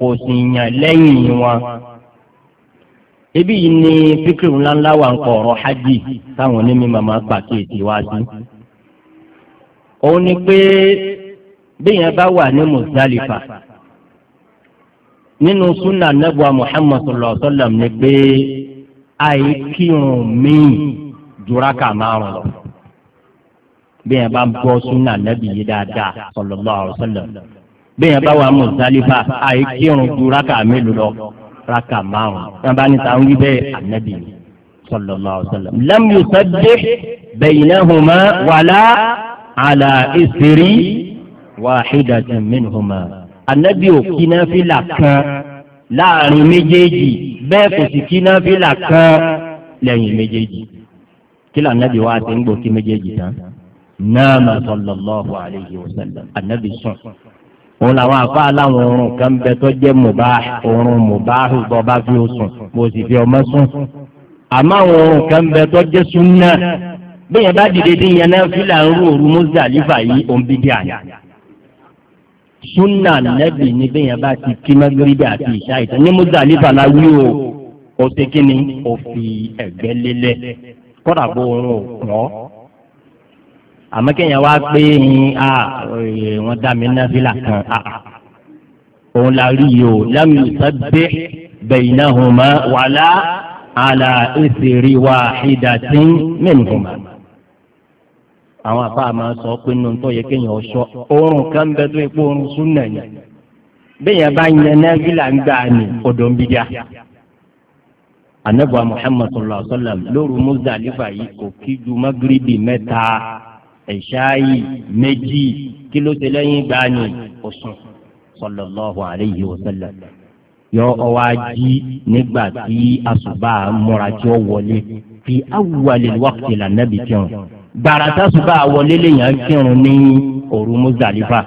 kò sì yàn lẹ́yìn wọn. ibi yìí ni fíkìrì ńláńlá wà ń kọ ọ̀rọ̀ hajj táwọn onímọ̀ máa pàkíyèsí wá sí. òun ni pé bẹ́ẹ̀yẹn bá wà ní Muzdalifa nínú sunna nebua Muhammad sallallahu alaihi wa sallam ni pé àyè kírun míì juraka márùn lọ bẹ́ẹ̀yẹn bá gbọ́ sunna nebi yìí dáadáa sallallahu alaihi wa sallam bẹ́ẹ̀yẹn bá wà Muzdalifa àyè kírun juraka mélòó lọ raka márùn wọn bá ní sàn wí bẹ́ẹ̀ ànábì sallallahu alaihi wasallam. lam yusabbih baynahuma wala ala isri wahidatan minhuma anabi ò kí náfìlà kan láàrin méjèèjì bẹ́ẹ̀ kò sì kí náfìlà kan lẹ́yìn méjèèjì kí ló anabi wa ti ń gbò kí méjèèjì tán náàmà sallallahu alayhi wa sallam anabi sùn òun làwọn afa aláwọn oorun kan bẹ tó jẹ mubah oorun mubah bọba fi o sùn mo sì fi ọmọ sùn àmọ́ àwọn oorun kan bẹ tó jẹ sunna bẹ́ẹ̀ bá dìde dín yẹn náà fílà ń rú òru mọ́sálífà yìí òun bí díà yìí súnà nẹ́bì ni bẹ́yẹn bá ti kí mẹ́gírídì àti ìṣá ìtàn ní mùsàlífà la wí o ó ṣe kí ni ó fi ẹ̀gbẹ́ lélẹ̀ kọ́dà bó oorun ò pọ̀ àmọ́ kéèyàn wá pé wọ́n dá mi náà fílà kan òun la rí o lámì sábẹ́ baynahuma wàlá àlà ìsèrè wàhídàtì minhuma àwọn àbá máa sọ pé nínú tó yẹ kéèyàn ọṣọ oorun kan bẹ tó epo oorun súnà ni bẹ́ẹ̀yàn bá yan náfìlà ń gbà ní odò ń bí díà. anabu muhammad sallallahu alaihi wa sallam lóru muzdalifa yìí kò kí ju magiribi mẹ́ta ẹ̀ṣáyì méjì kí ló ti lẹ́yìn gbà ní oṣùn sallallahu alaihi wa sallam yọ ọwọ́ ají nígbà tí àsùbà múra tí ó wọlé fi awwalil waqti lànàbì kírun gbàràtà ṣùgbọ́n àwọlé lèèyàn kírun ní òru Muzdalifa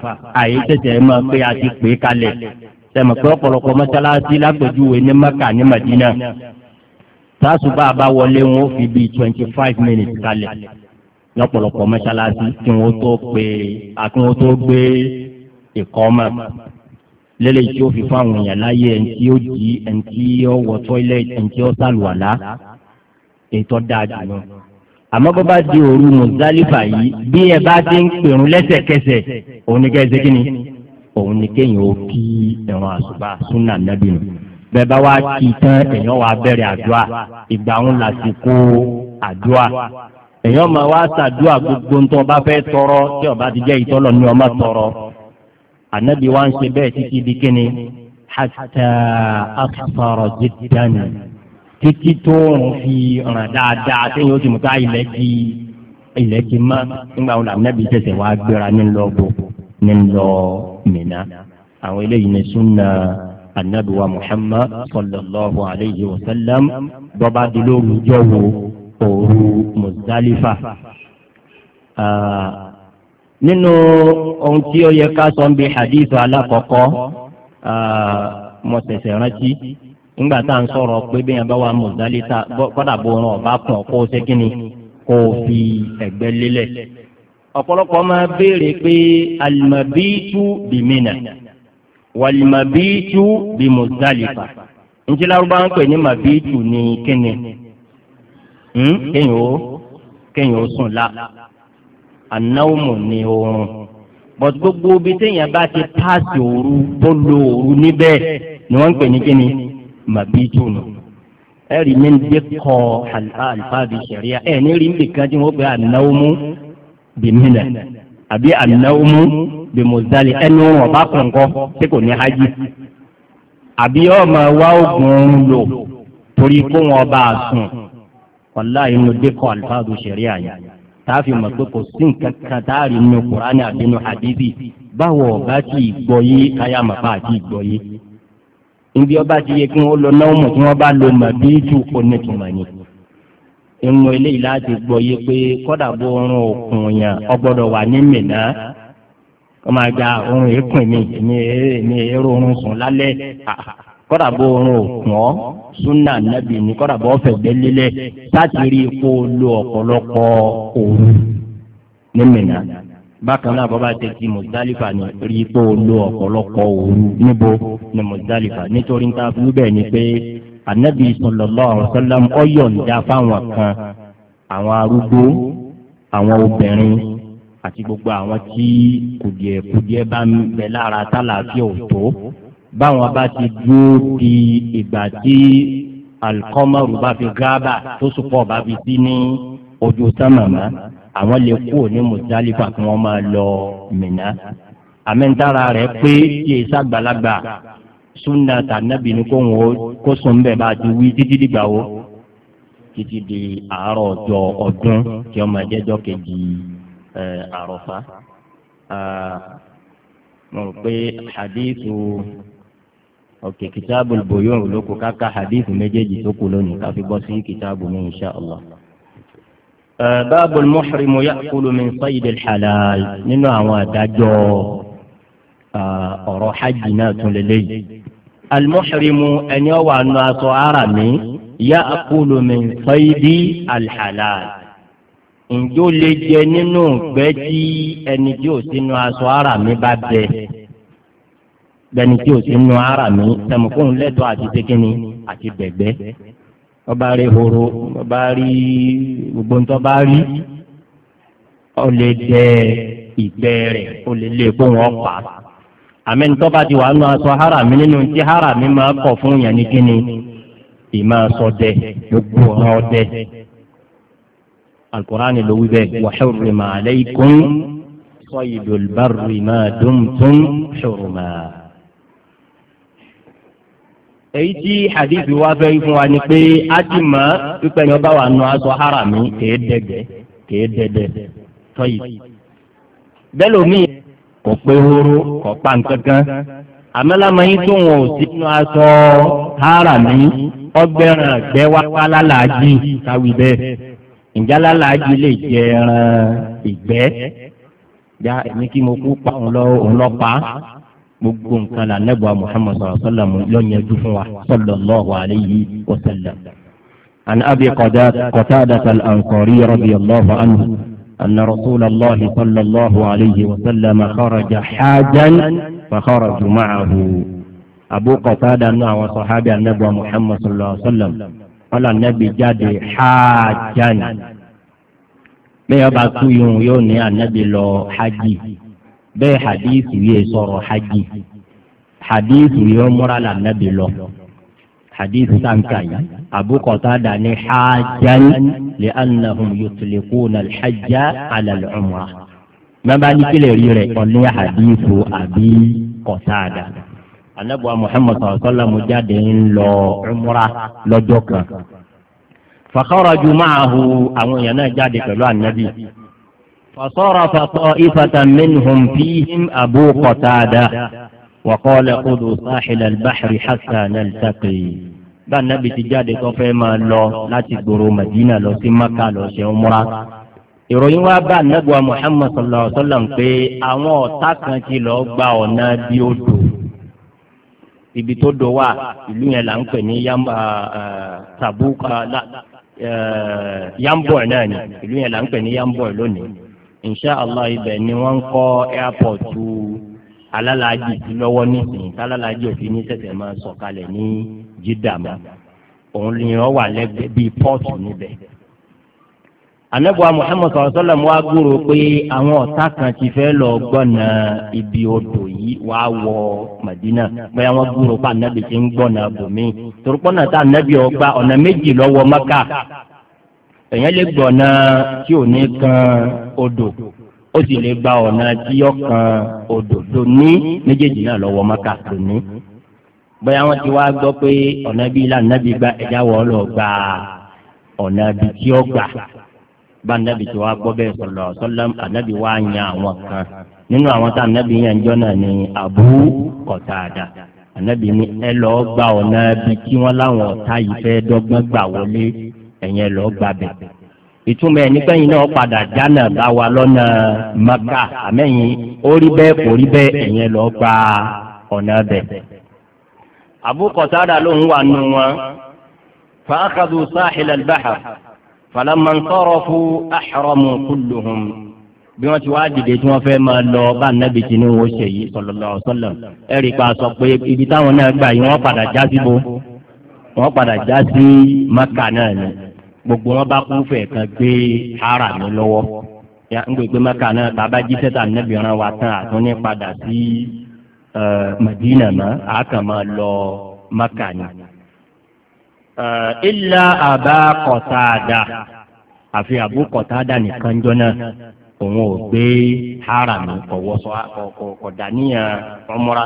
àyè tẹ̀sẹ̀ mọ́ pé a ti pè é kalẹ̀ tẹ̀mọ̀ pé ọ̀pọ̀lọpọ̀ mọ́sálásí lápẹ̀júwe ní Mẹ́kà ní Madina tàṣùbà bá wọlé wọn fi bí twenty five minutes kalẹ̀ lọ́pọ̀lọpọ̀ mọ́sálásí kí wọ́n tó pè àti wọ́n tó gbé ìkọ́mọ̀ lélẹ̀ tí ó fi fáwọn èèyàn láyé ẹni tí ó jí ẹni tí ó wọ tọ́ílẹ̀tì ẹni tí ó sàlùwàlá ètò dáadáa àmọ́ bó bá di òru mùsálífà yìí bí ẹ bá ti ń pèrún lẹ́sẹ̀kẹsẹ̀ òun ni kẹsẹ̀ kí ni òun ni kéèyàn ó kí ẹ̀rọ àṣùbà súnà nàbì nù bẹ́ẹ̀ bá wá kí tán èèyàn wá bẹ̀rẹ̀ àdúrà ìgbà ń lásìkò àdúrà èèyàn máa wá sàdúrà gbogbo tó bá fẹ́ tọrọ tí ó ti jẹ́ ìtọ́lọ̀ ní ọmọ tọrọ ànábì wá ń ṣe bẹ́ẹ̀ títí di kíni hatta akthara jiddan títí tó ń fi ràn dáadáa sẹ́yìn ó ti mú ká ilẹ̀ ti ilẹ̀ ti mọ́ nígbà wọn làwọn nàbí tẹ̀sẹ̀ wá gbéra nílọ bò nílọ mìíràn àwọn eléyìí ní súnà anabiwa muhammad sallallahu alayhi wa sallam bọba dilóru jọwọ òru muzdalifa nínú ohun tí ó yẹ ká sọ ń bi hadith alákọ̀ọ́kọ́ mo tẹ̀sẹ̀ rántí ńgbà tá à ń sọ̀rọ̀ pé bí yẹn bá wà mọ̀dálítà kọ́dà bó ràn ọ̀bá kàn kó ṣe kí ni kó fi ẹ̀gbẹ́ lélẹ̀. ọ̀pọ̀lọpọ̀ máa béèrè pé alimabiitu bi mina walimabiitu bi mọ̀dálítà ǹjẹ́ lárúbá ń pè ní mabiitu ní kíni hmm, kéèyàn ó kéèyàn ó sùn la anáwòmù ni oorun bọ́t gbogbo bí téèyàn bá ti páàsì òru tó lo òru níbẹ̀ ni wọ́n ń pè ní kíni mabitun ẹ̀rí ní ndé kọ́ alifáàbí sẹ̀ríà ẹ̀ ní rí nìkan tí wọ́n pè anáwómú bìmínà àbí anáwómú bìmùsálì ẹnu wọn bá kọ̀ǹkọ́ tí kò ní hajj àbí ọmọ wa oògùn lò torí kó wọn bá a sùn wàlá inú dé kọ́ alifáàbí sẹ̀ríà yẹn tààfin mọ̀ pé kò sí nǹkan kan táàrí nínú kùránì hadithi báwo bá ti gbọ́ yé káyà mọ̀ níbi ọba ti yẹ kí wọ́n lọ náà mọ̀ tí wọ́n bá lọ mọ̀ bí tù kó nítumọ̀ ni. ìmọ̀ eléyìí láti gbọ́ yé pé kọ́dà bó oorun òkun yàn ọgbọ́dọ̀ wà ní mìíràn wọ́n máa gba oorun èékùn mi ní èrò oorun sùn lálẹ́ kọ́dà bó oorun òkun ọ́ súnà nàbì ní kọ́dà bó ọ̀fẹ́ gbẹ́lélẹ̀ láti rí ipò lo ọ̀pọ̀lọpọ̀ òru ní mìíràn bákan náà bọ́ bá jẹ́ ti Muzdalifa ni rí pé o lo ọ̀pọ̀lọpọ̀ òru níbo ni Muzdalifa nítorí ń ta fún bẹ́ẹ̀ ni pé anabi sallallahu alaihi wasallam ó yọ̀ǹda fáwọn kan àwọn arúgbó àwọn obìnrin àti gbogbo àwọn tí kùdìẹ̀kùdìẹ̀ bá ń bẹ lára tálàfíà ò báwọn bá ti dúró di ìgbà tí alikọ́mọ̀rù bá fi gáábà tó sùpọ̀ bá fi sí ní ojú sánmàmá àwọn lè kú ní mùsálífà kí wọ́n máa lọ mìnà àmẹ́ńtara rẹ̀ pé kí ẹ sàgbàlagbà súnà tànàbì ni kò ń wo kó sùn bẹ́ẹ̀ bá ti wí títí dìgbà wo títí di àárọ̀ ọjọ́ ọdún tí ọmọ ẹ̀jẹ̀jọ́ kejì àròfà mo rò pé hadithu ok kitabu al-buyur káka hadithu méjèèjì tó kù lónìí ká bọ́ sí kitabu ní insha Allah. Eh, báàbù muhrimu yakulu min sayidil halal nínú àwọn àdájọ́ eh, ọ̀rọ̀ hajj náà tún lélẹ́yìí. almuhrimu ẹni ọ̀wà nù aṣọ ara mi yakulu min sayidi alhalal ǹjẹ́ ó lè jẹ nínú ìgbẹ́ tí ẹni tí ò sínú aṣọ ara mi bá bẹ bẹni tí ò sínú ara mi tẹmọkùn lẹ́tọ̀ọ́ àti tẹkínní àti bẹ̀gbẹ́ ọba rẹ̀ horo ọba rí gbogbo ntọ́ bá rí ọ lè dẹ ìgbẹ́ rẹ̀ ó lè lé kó wọn pa àmì ntọ́ bá ti wà nù aṣọ harami nínú tí harami máa kọ̀ fún yẹn ní kíni ìmọ̀ sọdẹ gbogbo ọ̀rọ̀ ọdẹ alukur'ani ló wí bẹ́ẹ̀ wa hurrima alaykum barri ma dumtum hurma èyí tí hadith wa fẹ́ fún wa ni pé a ti mọ̀ pípẹ́ ni ọba wa nu aṣọ harami kèé dẹ̀gẹ̀ kèé dẹ̀dẹ̀ tọ́yì. bẹ́ẹ̀ lómi kò pé horo kò pa nkankan àmàlámà yín tó wọn ò sí nu aṣọ harami ọgbẹ́ràn àgbẹ̀ wá wá lálàájì káwí bẹ́ẹ̀ ǹjẹ́ lálàájì lè jẹ ẹran ìgbẹ́ já èmi kí mo kú pa òun lọ gbogbo nǹkan la nẹ́bùa muhammad sallallahu alayhi wa sallam lọ́nyẹ̀dú fún wa sallallahu alayhi wa sallam. عن أبي قتادة الأنصاري رضي الله عنه أن رسول الله صلى الله عليه وسلم خرج حاجا فخرجوا معه أبو قتادة نوع وصحابي النبي محمد صلى الله عليه وسلم قال النبي جاد حاجا بيبقى كيون يوني النبي لو حجي bẹ́ẹ̀ hadithu yìí sọ̀rọ̀ hajj hadithu yìí umra la nabi lọ hadithu tanka yìí Abu Qatada ni hajjan li annahum yutliquna al-hajja ala al-umra mẹ́bàá ní kílẹ̀ rí rẹ̀ ọ̀ní hadithu Abi Qatada anabuwa Muhammad sallallahu jáde ń lọ umra lọ́jọ́ kan fa kharaju ma'ahu àwọn èèyàn náà jáde pẹ̀lú anabi. فصرف طائفة منهم فيهم أبو قتادة وقال خذوا ساحل البحر حتى نلتقي bá nàbì ti jáde tó fẹ́ máa lọ láti gbòòrò madina lọ sí maka lọ ṣe ń múra ìròyìn wa bá nàbùwà muhammad sallallahu alaihi wa sallam pé àwọn ọ̀tá kan ti lọ gba ọ̀nà bí ó dò ibi tó dò wà ìlú yẹn là ń pè ní tabuka yambọ̀ náà ni ìlú yẹn là ń pè ní yambọ̀ lónìí insha allah ibẹ̀ ni wọn kọ airport alálàájì lọwọ nísìnyí tálálàájì òfin ní sẹ̀sẹ̀ máa sọ̀kalẹ̀ ní jídàmá òun ni wà lẹ́gbẹ̀ẹ́ bíi pọ́ọ̀tù níbẹ̀. anabuwa muhammad sallam wa gbúrò pé àwọn ọ̀tá kan ti fẹ́ lọ gbọ́nà ibi odò yìí wọ madina gbúrò anabi ti ń gbọ́nà tá maka èèyàn lè gbọ́ ọ̀nà tí ò ní kan odò ó sì lè gba ọ̀nà tí yọ kan odò lóní méjèèjì náà lọ́wọ́ mọ́ká lóní. bóyá wọ́n ti wá gbọ́ pé ọ̀nà bí ìlànà bí gba ẹ̀já wọ̀ ọ́ lọ gba ọ̀nà bí tí ó gbà bá nàbì tí wàá gbọ́ bẹ́ẹ̀ sọ̀rọ̀ sọ́lá ànábì wá yan àwọn kan nínú àwọn tá ànábì yàn jọ́ náà ni Abu Qatada ànábì ni ẹ lọ́ọ́ gba ọ̀nà bí tí wọ́n láwọn ọ̀tá yìí fẹ́ dọ́gbọ́n gbà wọlé ẹ̀yẹn lọ gbàbẹ̀. ìtumọ̀ ẹ̀ nígbà yìí náà padà jánà bá wa lọ́nà maka àmẹ́yìn ó rí bẹ́ẹ̀ kò rí bẹ́ẹ̀ ẹ̀yẹn lọ gba ọ̀nà bẹ̀. àbúkọ̀tàdà ló ń wà nù wọn fàákàdù sáhìlẹ̀ albáhà fàlámàntọ́rọ̀fù àḥrọ̀mù kùlùhùn bí wọ́n ti wá dìde tí wọ́n fẹ́ máa lọ bá nàbì tí ní wọ́n ṣe yìí sọ̀lọ́lọ́ sọ́lọ́ ẹ̀rí pa sọ pé ibi táwọn náà gbà yìí wọ́n padà já síbo wọ́n padà já sí maka náà ni gbogbo wọn bá kún fẹ kan gbé ara mi lọ́wọ́ ya ń gbègbè mẹ́ka náà bàbá jíṣẹ́ tà nẹ́bí ran wa tán àtún ní padà sí Madina mọ́ a kàn máa lọ mẹ́ka ni. ilà àbá kọ̀tàdà àfi àbú kọ̀tàdà nìkan jọ náà òun ò gbé ara mi kọ̀wọ́sọ kọ̀dàníyàn ọmọra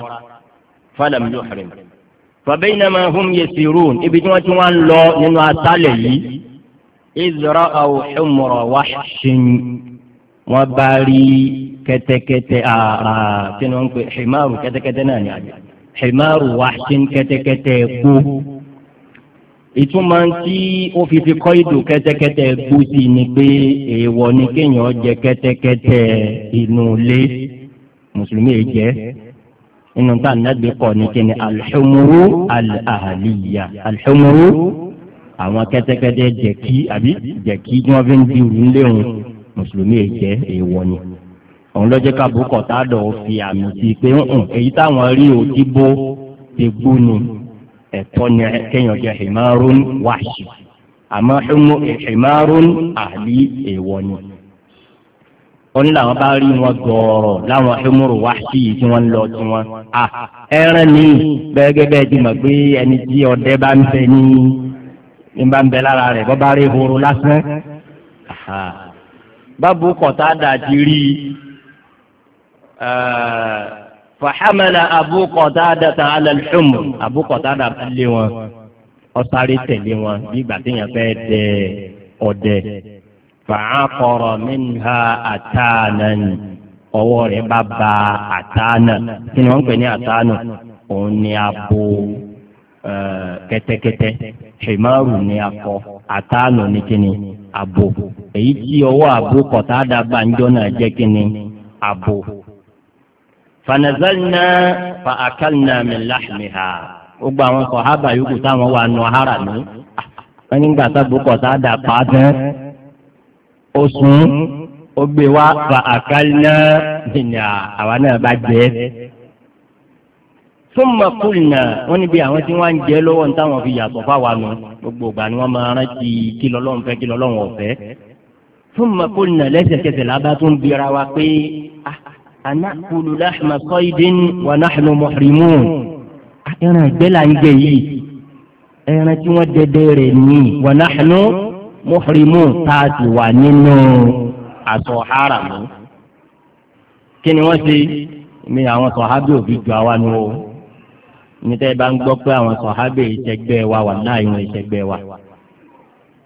fàlàmì yóò hàrẹ̀ mi. fàbẹ́yìn náà máa hùm yẹ sírùn ibi tí wọ́n ti wá ń lọ nínú asálẹ̀ yìí ìzọrọ àwòṣùmọrọ wáṣin wọn bá rí kẹ́tẹ́kẹ́tẹ́ àà kí ni wọn pè ṣèmáàrù kẹ́tẹ́kẹ́tẹ́ náà ni àjẹ ṣèmáàrù wáṣin kẹ́tẹ́kẹ́tẹ́ kú ìtumọ̀ tí ó fi fi kọ́ ìdò kẹ́tẹ́kẹ́tẹ́ kú sí ni pé èèwọ̀ ni kéèyàn jẹ kẹ́tẹ́kẹ́tẹ́ inú ilé mùsùlùmí èè jẹ́ inú tá a nàgbé kọ́ ni kí ni alḥumuru alahaliya alḥumuru àwọn kẹ́tẹ́kẹ́tẹ́ jẹ̀kí àbí jẹ̀kí tí wọ́n fi ń dirù ńlẹ̀ òun mùsùlùmí yìí jẹ́ èèwọ̀ ni. òun ló jẹ́ ká bùkọ̀ tá a dọ̀ fi àmì sí i pé èyí táwọn rí o ti bó ti gbó ni ẹ̀tọ́ ni kéèyàn jẹ́ himarun wáṣí àmọ́ himarun àbí èèwọ̀ ni. wọ́n ní làwọn bá rí wọn gbọ́ọ̀rọ̀ láwọn himarun wáṣí yìí tí wọ́n lọ tí wọ́n. ẹran bẹ́ẹ̀ gẹ́gẹ́ bí mo gbé ẹni tí ọdẹ bá ń bẹ ní ní bá ń bẹ lára rẹ̀ bọ́ bá rí ehoro lásán. bábú kọ̀tádà ti rí i fàhámẹ́lá abú kọ̀tádà tán alẹ́lẹ́sùmù abú kọ̀tádà lé wọn ọ̀sáré tẹ̀lé wọn nígbà téèyàn fẹ́ dẹ ọ̀dẹ fàákọ̀rọ̀ minha àtàánán ọwọ́ rẹ̀ bá ba àtàánán kí ni wọ́n ń pè ní àtàánán òun ni abo kẹ́tẹ́kẹ́tẹ́ ṣèmárù ni akọ àtàánù ni kíni àbò èyí tí ọwọ́ àbò kọ̀tà dàgbà ńjọ́ náà jẹ́ kíni àbò. fanazalna fa akalna min lahmiha gbogbo àwọn sọ̀hábà yòókù táwọn wà nù hàrà ní. wọ́n ní gbà sábò kọ̀tà dàgbà tán ó sùn ó gbé wá fa akalna min àwa náà bá jẹ́ ẹ́ súnmọ́ kùnà wọ́n níbi àwọn tí wọ́n ń jẹ́ lọ́wọ́ ní táwọn fi yàtọ̀ fáwa nù gbogbo ìgbà ni wọ́n máa rántí kí lọ́lọ́run fẹ́ kí lọ́lọ́run ọ̀fẹ́ súnmọ́ kùnà lẹ́sẹ̀kẹsẹ̀ lábá tó ń bira wa pé ah, anákùlù láhùmá sọ́ìdín wà náhùnú mọ̀rìmù ah, ẹran ìgbẹ́ là ń jẹ yìí ẹran tí wọ́n dẹdẹ rẹ̀ ní wà náhùnú mọ̀rìmù tá a ti wà nínú àtọ̀ háràmù kí ni wọ́n ṣe mi àwọn sọ̀hábì òbí ju àwa nù o níta ẹ bá ń gbọ́ pé àwọn sọ̀hábẹ̀ ìṣẹ́gbẹ́ wa wà náà ìwọ̀n ìṣẹ́gbẹ́ wa.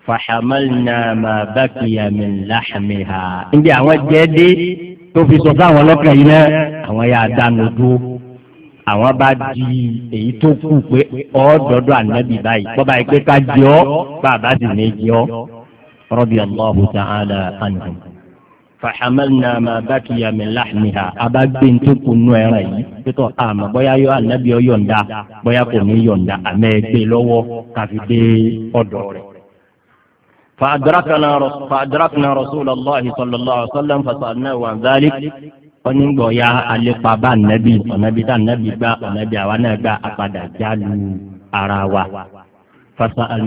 fàhámàlínà máa bá kìyàmì láhàmì ha. níbi àwọn jẹ́ dé tó fi sọ fún àwọn ọlọ́kàn yìí náà àwọn yà á dánu dúró àwọn bá di èyí tó kù pé ọ̀ọ́dọ̀dọ̀ ànábì báyìí bọ́ báyìí pé ká jẹ́ ọ́ bàbá sì ní jẹ́ ọ́ rọ́bì Allahu ta'ala anhum fàhámẹ́lìnà máa bá kí ya mi láàmìhà abágbé ń tó kunú ẹran yìí pẹ́tọ́ àmọ́ bóyá yọ ànábì ọ yọ̀ǹda bóyá kò ní yọ̀ǹda àmọ́ ẹ gbé lọ́wọ́ káfí dé ọ̀dọ̀ rẹ̀. fàdúrákùnà rọ̀ṣúlọ̀ lọ́ọ̀hì sọ̀lọ́lọ́ sọ́lẹ́m fàṣàlẹ́ wà zálí onígbọ̀ ya alépa bá ànábì ọ̀nàbí tá ànábì gbá ọ̀nàbí àwa náà gbá àpadà jálu ara wa fàṣàlẹ́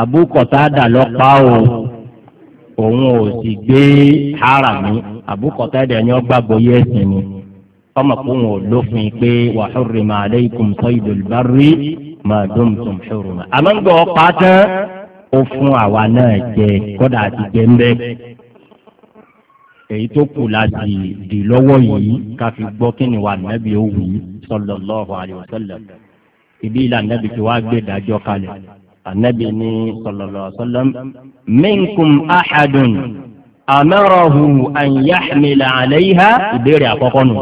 abúkọ̀tàdà lọ́pàá o òun ò sì gbé harami abúkọ̀tàdà ni wọ́n gbàgbọ́ yé ẹ̀sìn ni ọmọ kó wọn ò lófin pé wa hurrima alaykum saydul barri ma dumtum huruma. àmọ́ ń gbọ́ ọ̀pá tán ó fún àwa náà jẹ kódà àti jẹ ń bẹ́ èyí tó kù láti dì lọ́wọ́ yìí ká gbọ́ kí ni wà nábì ó wù í sallallahu alayhi wa sallam ìbí ìlànà nàbì tí gbé dájọ́ kalẹ̀ anabi ni sallallahu alaihi wasallam minkum ahadun amarahu an yaxmila alayha ìbéèrè àkọ́kọ́ nù.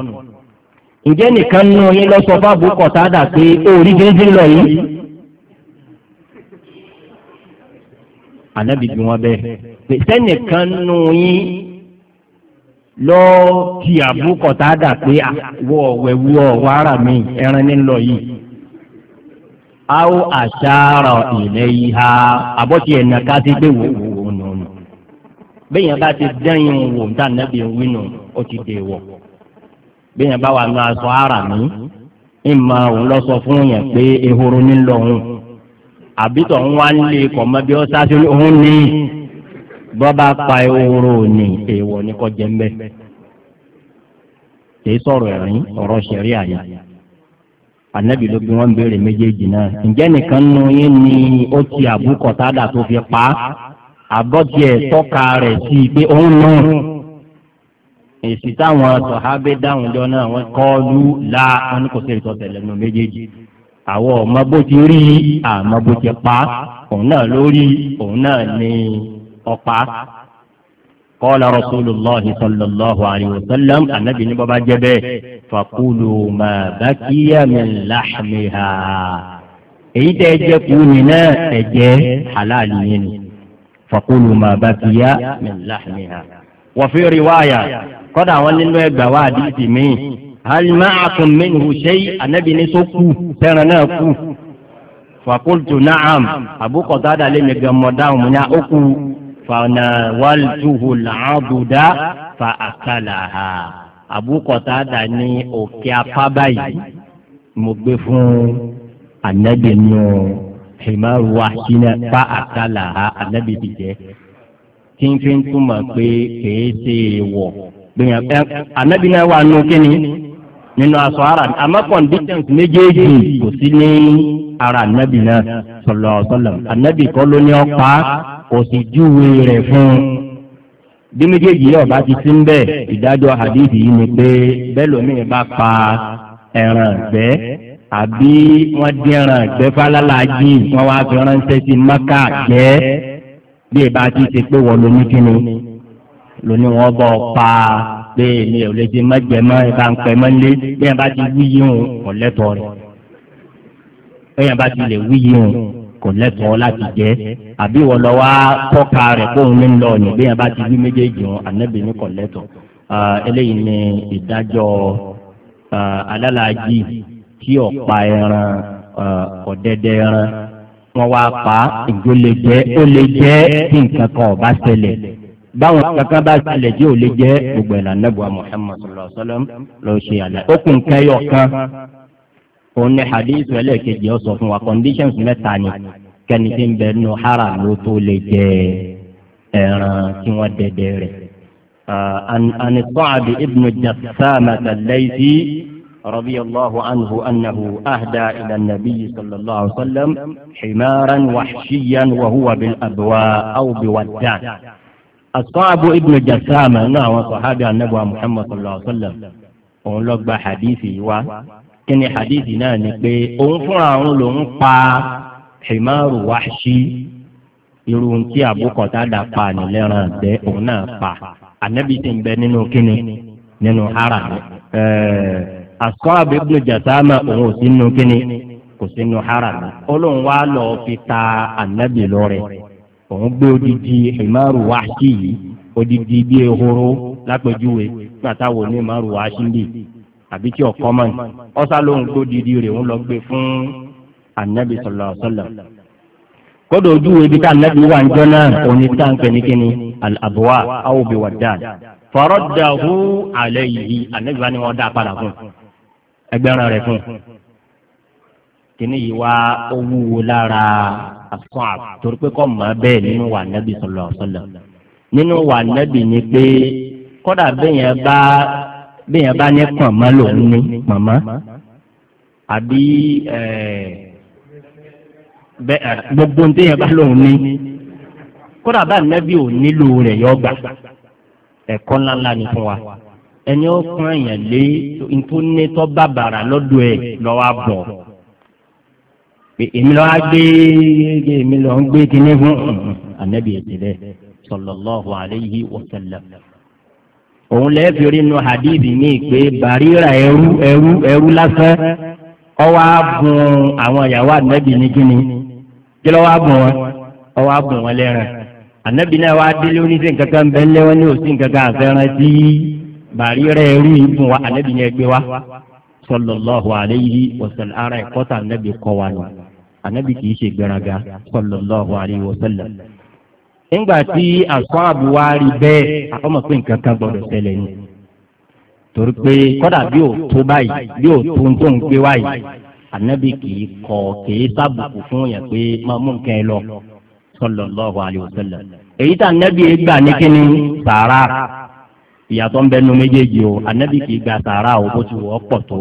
ǹjẹ́ nìkan nù yín lọ sọ fáàbù kọ̀tádà pé orí gírígírí lọ yìí. anabi bí wọn bẹ́ẹ̀ pé sẹ́nìkan nù yín lọ kí àbúkọ̀tádà pé ah, wọ́ọ̀wẹ̀wọ́ wàrà mi ẹran ní lọ yìí. aw aṣaara ilayha àbọ̀tí ẹ̀nà ká ti gbé wò wò nù nù bẹ́ẹ̀ yẹn ti dẹ́yìn wò ń dáná bí wí nù ó ti dè wọ̀ bẹ́ẹ̀ yẹn bá wà nù ara mi ìmọ̀ òun lọ sọ fún yẹn pé ehoro ní lọ́hùn àbítọ̀ ń wá òun ní bọ́ba anabi ló bí wọn béèrè méjèèjì náà ǹjẹ́ nìkan nu yín ni ó ti àbúkọ̀tàdà tó fi pa á àbọ̀tiẹ̀ tọ́ka rẹ̀ sí i pé òun náà èsì táwọn sọ̀hábẹ́ dáhùn jọ náà wọ́n kọ́ lù la wọn ní kò sí ìtọ́ tẹ̀lé nu méjèèjì àwọn ọmọ bó ti rí àmọ́ bó ti pa òun náà ló rí òun náà ní ọ̀pá kọ́lá rasulillahi sallallahu alayhi wa sallam anabi ní bàbá jẹ́ bẹ́ẹ̀ fakulu ma bakiya min lahmiha èyí tẹ́ ẹ jẹ́ kú ni náà ẹ jẹ́ halal yẹn ni fakulu ma bakiya min lahmiha. wa fi riwaya kọ́dà àwọn nínú ẹgbà wa àdìsí mi hal ma'akum minhu shay anabi ní so kú tẹ́ran náà kú fakultu na'am abu qatada lè mi gan mọ́ dáhùn mu ní àókù fanawaltuhu làbùdá fa àkàlàhà àbúkọ̀tàdà ní òkè apá báyìí mo gbé fún anabi nù himaru wahina fa àkàlàhà anabi ti jẹ kí n fi túmọ̀ pé kèé ṣe anabi náà wà nù kí nínú aṣọ ara àmọ́ conditions méjèèjì kò sí ní ara anabi náà sọlọ sọlọ anabi kọ́ ló ní ọ̀pá kò sì júwe rẹ̀ fún un bí méjèèjì yóò bá ti sí ń bẹ ìdájọ́ hadith yìí ni pé bẹ́ẹ̀ lómi bá pa ẹran ẹ̀gbẹ́ àbí wọ́n dín ẹran ẹ̀gbẹ́ fálálàájì wọ́n wá fi ránṣẹ́ sí maka jẹ́ bí ìbá ti ṣe pé wọ́n lóní kíni lóní wọ́n bọ́ pa pé èmi ò lè ṣe mẹ́gbẹ̀mọ́ ìka ń pẹ́ mọ́lé bẹ́ẹ̀ bá ti wí yín òun kò lẹ́tọ̀ọ́ rẹ̀ bẹ́ẹ̀ bá ti lè wí yín òun kò lẹ́tọ̀ọ́ láti jẹ́ àbí wọ́n lọ wá tọ́ka rẹ̀ kóun ní lọ ọ̀yàn bẹ́ẹ̀ bá ti wí méjèèjì òun ànábì ní kò lẹ́tọ̀ọ́ eléyìí ni ìdájọ́ alálàájì tí ọ̀pá ẹran ọ̀dẹ́dẹ́ ẹran wọ́n wá pa ìjó lè jẹ́ ó lè jẹ́ bí nǹkan kan ọ̀ báwọn kankan bá ṣẹlẹ̀ tí ò lè jẹ́ gbogbo ẹ̀ lànàbọ̀ Muhammad sallallahu alaihi wa sallam lọ ṣe àlàyé. ó kún kẹyọ kan òun ní hadith kejì ó sọ fún wa conditions mẹ́ta ni kẹ́ni tí ń bẹ nínú hara ló tó lè jẹ ẹran tí wọ́n dẹ̀dẹ̀ rẹ̀. ibnu عن الصعب ابن جسامة الليثي رضي الله عنه أنه أهدى إلى النبي صلى الله عليه وسلم حمارا وحشيا abuwa بالأبواء biwa بودان asọ́àbò ibn jasama náà àwọn sọ̀hábì anábọ̀ muhammad sallallahu alayhi wa sallam òun lọ gba hadithi wa kí ni hadithi náà ni pé òun fúnra òun lòun pa himaru wahshi irun tí àbúkọ̀tà dà pa nílẹ̀ràn bẹ́ òun náà pa anabi ti ń bẹ nínú kíni nínú haram ẹ̀ẹ́ asọ́àbò ibn jasama òun ò sí nínú kíni kò sí nínú haram ó lóun wá lọ fi ta anabi lọ́rẹ̀ òun gbé odidi ìmáàrú wá sí yìí odidi bí ehoro lápẹjúwe gbàtàwọ ní ìmáàrú wá sí ndì àbí tí ọkọ mọ ní ọsà lóhùn gbó didi rẹ̀ òun lọ gbé fún anabi sọlọ sọlọ kódò ojú ibi tá anabi wà ń jọ náà òní tá n pè ní kíni àbúwá àwọn wà dáa fọrọ dàhú alẹ yìí anabi wa ni wọn dá padà fún ẹgbẹrún rẹ̀ fún kíní yìí wá owó lára asọ́àb torí pé kọ́ mọ́ bẹ́ẹ̀ nínú wà nẹ́bí sọ̀lọ̀ sọ̀lọ̀ nínú wà nẹ́bí ni pé kọ́dà bẹ́yẹn bá bẹ́yẹn bá ní pọ̀nmọ́ lòún ní pọ̀nmọ́ àbí gbogbo ní tẹ́yẹn bá lòún ní kọ́dà bá nẹ́bí ò nílò rẹ̀ yọ gbà ẹ̀kọ́ ńláńlá ni fún wa ẹni ó pọ́n èèyàn lé ntúnitọ́ bàbàrà lọ́dọ̀ ẹ̀ lọ́wọ́ àbọ̀ pé èmi lọ́wọ́ gbé èmi lọ́wọ́ gbé kíní fún anabi ìdílé sallallahu alayhi wa sallam. òun lẹ́ẹ̀fì orí inú hadithi ní pé bàríra ẹrú ẹrú ẹrú lásán ọwọ́ abùn àwọn ìyàwó anabi ní kíni kí lọ́wọ́ abùn wọn ọwọ́ abùn wọn lẹ́ràn anabi náà wá délé oníṣẹ́ nǹkan bẹ́ẹ̀ lẹ́wọ́n ní òsín nǹkan àfẹ́ràn sí bàríra ẹrú ìbùn wa anabi ní ẹgbẹ́ wa sallallahu alayhi wa sallam ara ẹ̀kọ́ tà anabi ànábì kì í ṣe gbéraga sallallahu alayhi wa sallam. nígbà tí àṣọ àbúwá rí bẹ́ẹ̀ àkọ́mọ pé nǹkan kan gbọ́dọ̀ ṣẹlẹ̀ ni. torí pé kọ́dà bí ò tó báyìí bí ò tó ń tó ń gbé wáyìí ànábì kì í kọ kì í sábùkù fún yẹn pé máa mú nǹkan ẹ lọ sallallahu alayhi wa sallam. èyí tá ànábì gbà ní kíni sàárà ìyàtọ̀ ń bẹnu méjèèjì o ànábì kì gba sàárà o bó ti wọ́ pọ̀ tó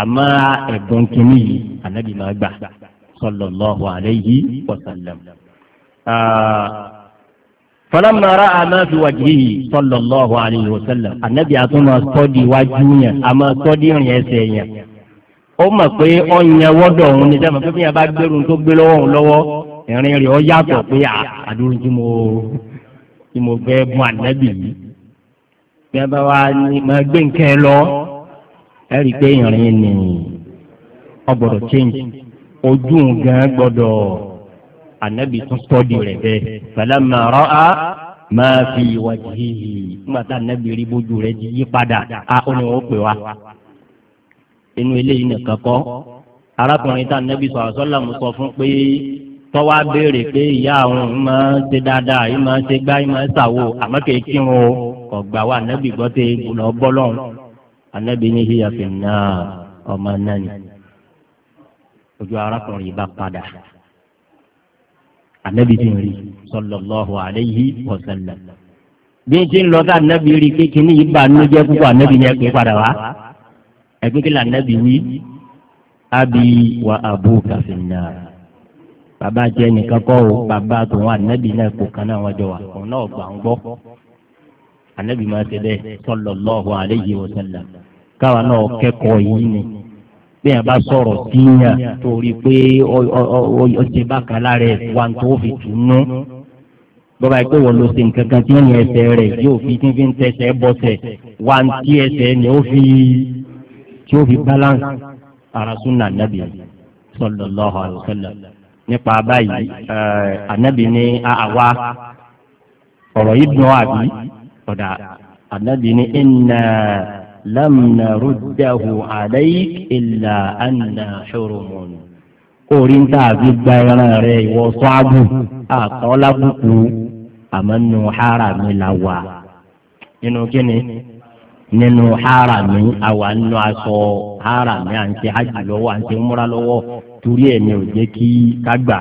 àmọ́ ẹ̀bùn kìíní yìí ànábì máa gbà sallallahu alayhi wa sallam. Ah, falamma ra'a ma fi wajhihi sallallahu alayhi wa sallam anabi atuma sọdi wájú yẹn a ma sọdi rìn ẹsẹ̀ yẹn ó mọ̀ pé ọ̀nyẹ wọ́dọ̀ òun ni sẹ́mi pípín yẹn bá gbẹ́rù tó gbé lọ́wọ́ òun lọ́wọ́ ìrìn rẹ̀ ó yàtọ̀ pé àdúró tí mo tí mo fẹ́ mú anabi yìí bí wọ́n bá wá ní ma gbé nǹkan lọ ẹ̀rí pé ìrìn ni ọgbọ̀dọ̀ change ojú gan gbọdọ̀ ànábì tún tọ́jú rẹ̀ bẹ́ẹ̀ falamma ra'a ma fi wajhihi nígbà tá ànábì rí bójú rẹ̀ ti yí padà a ó ní wọ́n pè wá inú eléyìí nìkan kọ́ arákùnrin tá ànábì sọ̀rọ̀ sọ́lá mo sọ fún pé tọ́wá béèrè pé ìyá àwọn òun máa ń ṣe dáadáa yìí máa ń ṣe gbá yìí máa ń ṣàwò àmọ́ kì í kí wọn o kò gbà wá ànábì gbọ́ tẹ lọ bọ́ lọ́run ànábì ní híyàfẹ́ náà ọmọ náà ni ojú arákùnrin bá padà ànábì ti rí sallallahu alayhi wa sallam bí n ti ń lọ sí ànábì rí kékeré yìí bá nínú jẹ́ púpọ̀ ànábì ni ẹ pé padà wá ẹgbẹ́ kí lànábì wí abi wa abuka finnar bàbá jẹ́ nìkan kọ́ o bàbá tòun ànábì náà kò kan náà wọ́n jọ wà òun náà gbà ń gbọ́ ànábì máa ṣe bẹ́ẹ̀ sallallahu alayhi wa sallam káwa náà kẹ́kọ̀ọ́ yìí ni bẹ́ẹ̀ bá sọ̀rọ̀ síyàn torí pé ọjẹ́ bákan lára ẹ̀ wà tó fi túnú. bọ́ba ìpè wọ́n ló ṣe nǹkan kan tí ó ní ẹsẹ̀ rẹ̀ yóò fi tí fi ń tẹsẹ̀ bọ́sẹ̀ wà tí ẹsẹ̀ ni ó fi tí ó fi balance ara sunna nabi sallallahu alaihi wasallam nípa báyìí anabi eh, ní àwa ọ̀rọ̀ yìí dùn àbí ọ̀dà anabi ní ẹ̀ ń náà lam naruddahu alayk illa anna hurumun. orí ń tà àbí gba ẹran rẹ̀ ìwọ sọ́ọ́bù àtọ́ lábùkù àmọ́ nù háràmì la wà. nínú kíni nínú háràmì àwa nínú aṣọ háràmì à ń ṣe hajj lọ́wọ́ à ń ṣe múra lọ́wọ́ torí ẹ̀ ní ò jẹ́ kí ká gbà.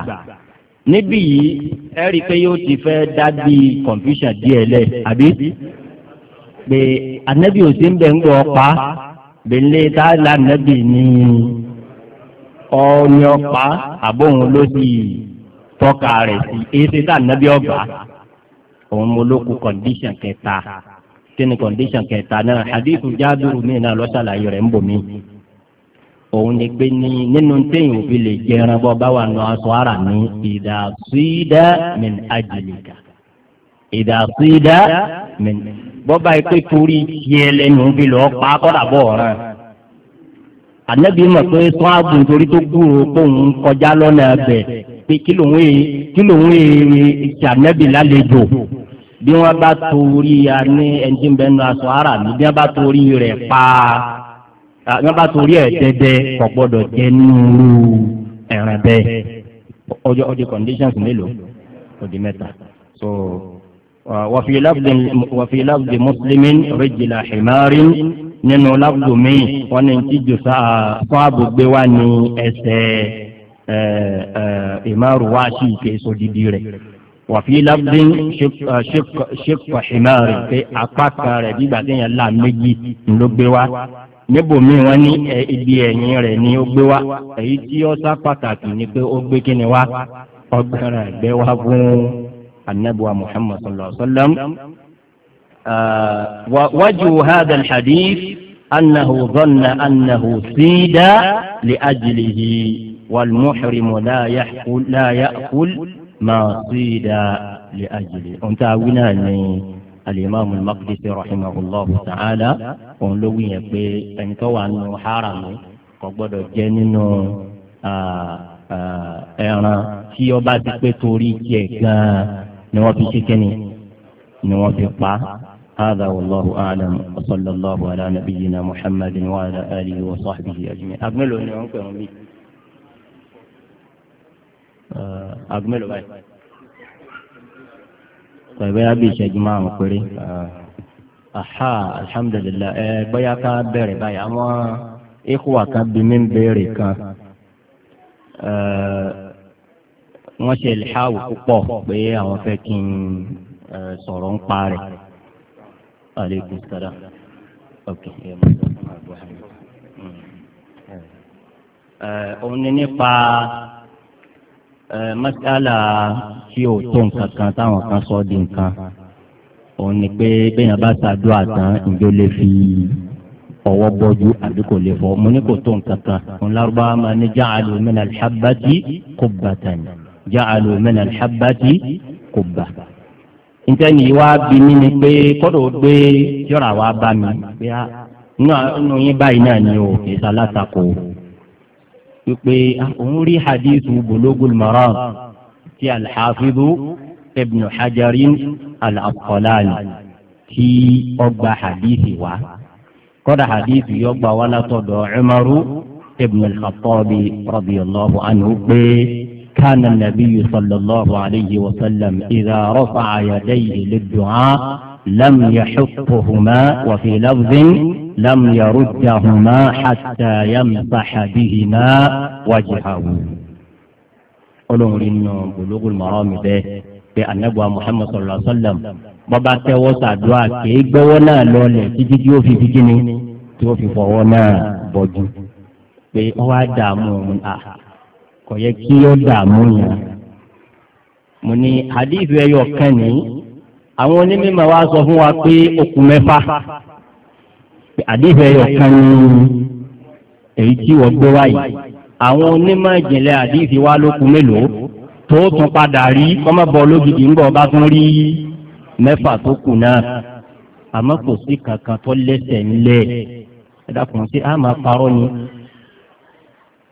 níbí yìí ẹ rí i pé yóò ti fẹ́ dá bíi confusion díẹ̀ lẹ̀ àbí pé anabi ò sí ń bẹ̀ ń gbọ́ pa bẹ̀lẹ́ tá la anabi ni, ọ̀ọ́ni ọ̀pá àbóhun ló sì tọ́ka rẹ̀ sí èsì tá anabi ọ̀gbà òun mo ló kú kọ̀ǹdíṣàn kẹta kíni kọ̀ǹdíṣàn kẹta náà hadithu jábìrù mi náà lọ́sàlàyé rẹ̀ ń bò mí òun ni pé ní nínú téèyàn òfin lè jẹran bọ́ báwa nù aṣọ ara ní ìdásídá min ajìlìkà ìdásídá min bọ́ba yìí pé torí tiẹ̀ lẹ́nu bí lọ́ọ́ pa kọ́dà bọ̀ ọ̀ràn. ànábì mọ̀ pé tọ́ ààbò nítorí tó gbúrò kóun kọjá lọ́nà ẹ̀bẹ̀ pé kí lòun èè kí lòun èè ṣe ànábì lálejò bí wọ́n bá torí ya ní ẹni bẹ́ẹ̀ nu aṣọ ara mi bí wọ́n bá torí rẹ̀ pa wọ́n bá torí ẹ̀ dẹ́dẹ́ kò gbọ́dọ̀ jẹ́ nínú ẹ̀ràn bẹ́ẹ̀ ọjọ́ ọjọ́ conditions mélòó ó di mẹ́ta so. وفي لفظ وفي لفظ مسلم رجل حمار nínú lábùdó míì wọn ní tí jòsà fáàbù gbé wá ní ẹsẹ̀ ìmáàrú wá sí ìké sódìdí rẹ̀ wàfi lábùdó ṣèkọ ìmáàrú pé apá kan rẹ̀ bígbà téèyàn là méjì ló gbé wá níbo míì wọn ní ibi ẹ̀yìn rẹ̀ ni ó gbé wá èyí tí ó sá pàtàkì ni pé ó gbé kíni wá ọgbẹ́ràn ẹ̀gbẹ́ wá fún un. النبوة محمد صلى الله عليه وسلم آه، ووجه هذا الحديث أنه ظن أنه سيد لأجله والمحرم لا يأكل لا يأكل ما صيد لأجله أنت الإمام المقدسي رحمه الله تعالى أن لو wíyẹn pé ẹni tó wà nínú أنا kò gbọ́dọ̀ jẹ́ نوافي شكني نوافي قطع هذا والله أعلم وصلى الله على نبينا محمد وعلى آله وصحبه أجمعين أقملوا إني أمكن أمي أقملوا باي طيب يا أبي ما مقري أحا الحمد لله بايا كابر بايا أما إخوة كابي من بيري كابر wọ́n ṣe ìlhàwù púpọ̀ pé àwọn fẹ́ kí n sọ̀rọ̀ ń pa rẹ̀. aleykum salaam. òun ni nípa masala tí ò tó nǹkan kan táwọn kan sọ di nǹkan òun ni pé bẹ́ẹ̀yàn bá ṣàdúrà tán ìjọ lè fi ọwọ́ bọ́jú àbí kò lè fọ́ mo ní kò tó nǹkan kan òun lárúbáwá máa ní jáàlú min alhabbati qubbatan ja'alu min al-habbati qubba. nítorí yìí wá bí mi ni pé kọ́dọ̀ gbé yọ̀rọ̀ àwa bá mi pé nínú yín báyìí náà ni o kì í sa látakò pípé ah, òun rí hadithu bulugul maram ti al-hafidu hajarin al-asqalani tí hadithi wá kọ́dà hadithi yọ gbà wá látọ̀dọ̀ umaru ibn al-khattabi anhu pé. كان النبي صلى الله عليه وسلم إذا رفع يديه للدعاء لم يحطهما وفي لفظ لم يردهما حتى يمسح بهما وجهه olórin nù gbólógùn mọ́rọ́mì bẹ́ẹ̀ pé anagba muhammed sallallahu alayhi wa sallam bọ́ba tẹ́wọ́ sàdúrà kéé gbọ́wọ́ náà lọ́lẹ̀ títí tí ó fi fi kíni tí ó fi fọwọ́ náà bọ́jú pé wọ́n á dààmú ọ̀hún à ah, kò yẹ kí ó dààmú yẹn. mo ní hadith ẹyọ kan ní àwọn onímọ̀ wa sọ fún wa pé okùn mẹ́fà hadith ẹyọ kan ní èyí tí wọ́n gbé wáyé àwọn onímọ̀ ìjìnlẹ̀ hadith wa lókun mélòó tó tún padà rí kọ́mọ́bọ̀ ológidì ń bọ̀ bá tún rí mẹ́fà tó kù náà àmọ́ kò sí kankan tó lẹ́sẹ̀ ńlẹ̀ ẹ dákun sí àmà parọ́ ni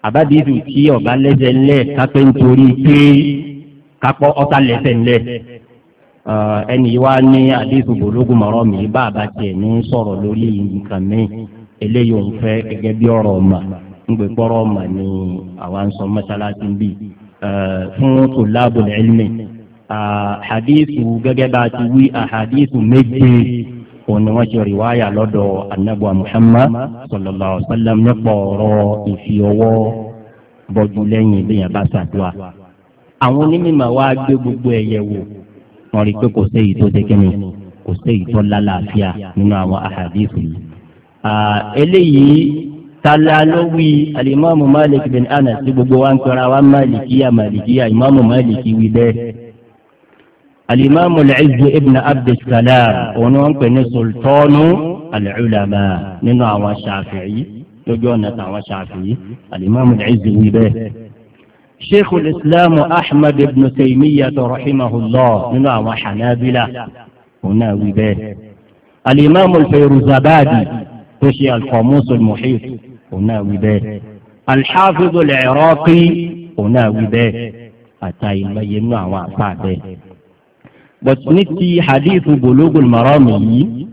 àbádìídù tí ọ̀gá lẹ́sẹ̀ ńlẹ̀ kápẹ́ nítorí pé kápọ́ ọ̀tá lẹ́sẹ̀ ńlẹ̀ ẹni wá ní àdéhùn bòlógún mọ̀rọ́ mi bá a bá tiẹ̀ ní sọ̀rọ̀ lórí nǹkan mi eléyìí òun fẹ́ gẹ́gẹ́ bí ọ̀rọ̀ ọ̀mà ńgbẹ́ gbọ́rọ̀ ọ̀mà ni àwa ń sọ mọ́sálásí ń bì fún tòlábùl ilmi àhàdíhùn gẹ́gẹ́ bá a ti wí àhàdíhùn méje òun ni wọ́n ṣe rìwáyà lọ́dọ̀ anabu muhammad sallallahu alayhi wa sallam nípa ọ̀rọ̀ ìfi ọwọ́ bọ́jú lẹ́yìn ìbéyàn bá ṣàdúrà. àwọn onímọ̀ wa gbé gbogbo ẹ̀ yẹ̀ wò wọ́n rí i pé kò sí èyí tó ṣe kíni kò sí èyí tó lálàáfíà nínú àwọn àhàdíìsì yìí. eléyìí tala ló wí alimami malik bin anas gbogbo wa ń pera wa malikiya malikiya imaamu maliki wí bẹ́ẹ̀. الإمام العز ابن عبد السلام ونوان بن سلطان العلماء ننوى الشافعي يجونة وشافعي الإمام العز ويبه شيخ الإسلام أحمد بن تيمية رحمه الله ننوى وحنابلة هنا ويبه الإمام الفيروزابادي تشي القاموس المحيط هنا ويبه الحافظ العراقي هنا ويبه أتى يمين نوى وعطا به but ní ti hadithu bulugul marami yìí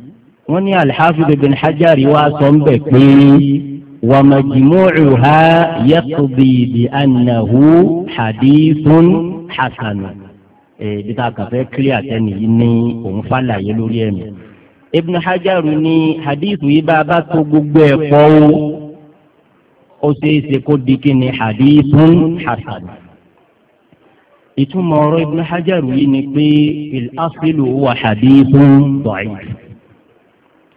wọ́n ní alḥafidu bin hajari wa sọ ń bẹ̀ pé wa majmu'uha yaqdi bi annahu hadithun hasanu ibi tá a kàn fẹ́ kílí àtẹ́ni yìí ní òun fàlàyé lórí ẹ̀mí. ibn hajar ní hadith yìí bá a bá tó gbogbo ẹ̀ ó ṣeé ṣe kó di kí ni hadithun hasanu ìtumọ̀ ọ̀rọ̀ Ibn Hajar yìí ni pé al-aslu huwa hadithun da'if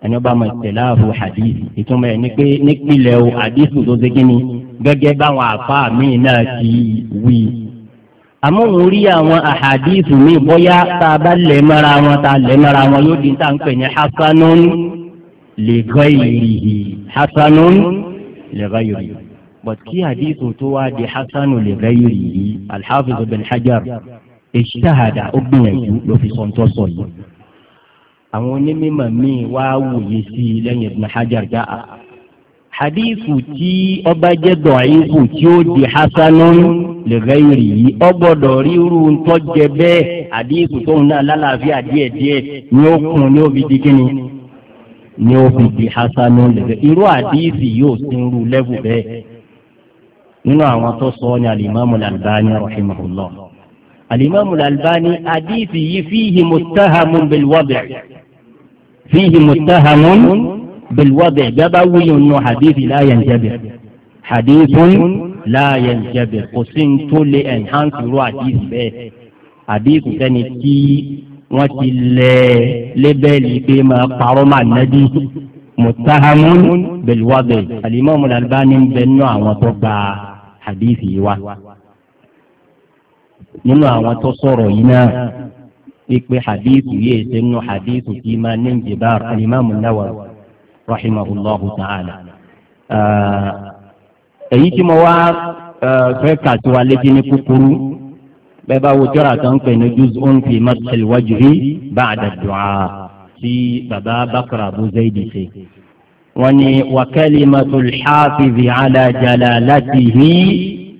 ẹni ọba ma ìtẹ̀láàfù hadith ìtumọ̀ ẹ̀ ni pé nípìnlẹ̀ o hadith tó ṣe kíni gẹ́gẹ́ báwọn àfa mi náà ti wí. àmọ́ òun rí àwọn ahadith mi bóyá tá a bá lẹ̀ mọ́ra wọn tá a lẹ̀ mọ́ra wọn yóò di tá ń pè ní hasanun li ghayrihi hasanun li ghayrihi but kí àdìsù tó wá di hasanu li ghayrihi al-Hafiz ibn Hajar ijtahada ó gbìyànjú ló fi sọ̀ńtọ́ sọ yìí. àwọn onímọ̀ míì wá wòye sí i lẹ́yìn ibn Hajar dáa ah, hadithu tí ọba jẹ́ dọ̀ọ́yìnbù tí ó di hasanun li ghayrihi ọgbọ́dọ̀ ríru ntọ́jẹ bẹ́ẹ̀ hadithu tóun náà lálàáfíà díẹ̀díẹ̀ ni ó kún ní òbí di kíni ni ó fi di hasanun li ghayrihi irú hadithu yóò ti lẹ́bù bẹ́ẹ̀ nínú àwọn tó sọ ní alimamu al rahimahullah alimamu al-albani hadithi yìí fíhi muttahamun bilwabẹ fíhi muttahamun bilwabẹ gaba wuyi nù hadithi la jabe hadithun la jabe kò sí n tó lè enhance ru hadithi bẹ́ẹ̀ hadithi sẹ́ni tí wọ́n ti lẹ lébẹ́lì pé pe ma parọ́ ma nadi muttahamun bilwabẹ alimami al-albani ń bẹ àwọn tó gbàá. hadithi yìí wá. nínú àwọn tó sọ̀rọ̀ yìí náà wípé hadithi yìí ṣe nínú hadithi tí máa ní jìbáà alimami Nawawi rahimahullahu ta'ala. èyí tí mo wá fẹ́ kà sí wa létí ní kúkúrú bẹ́ẹ̀ bá wo jọ́ra kan pè ní juz'un fi mathil wajhi ba'da du'a tí baba bakra abu zaidi ṣe. وكلمة الحافظ على جلالته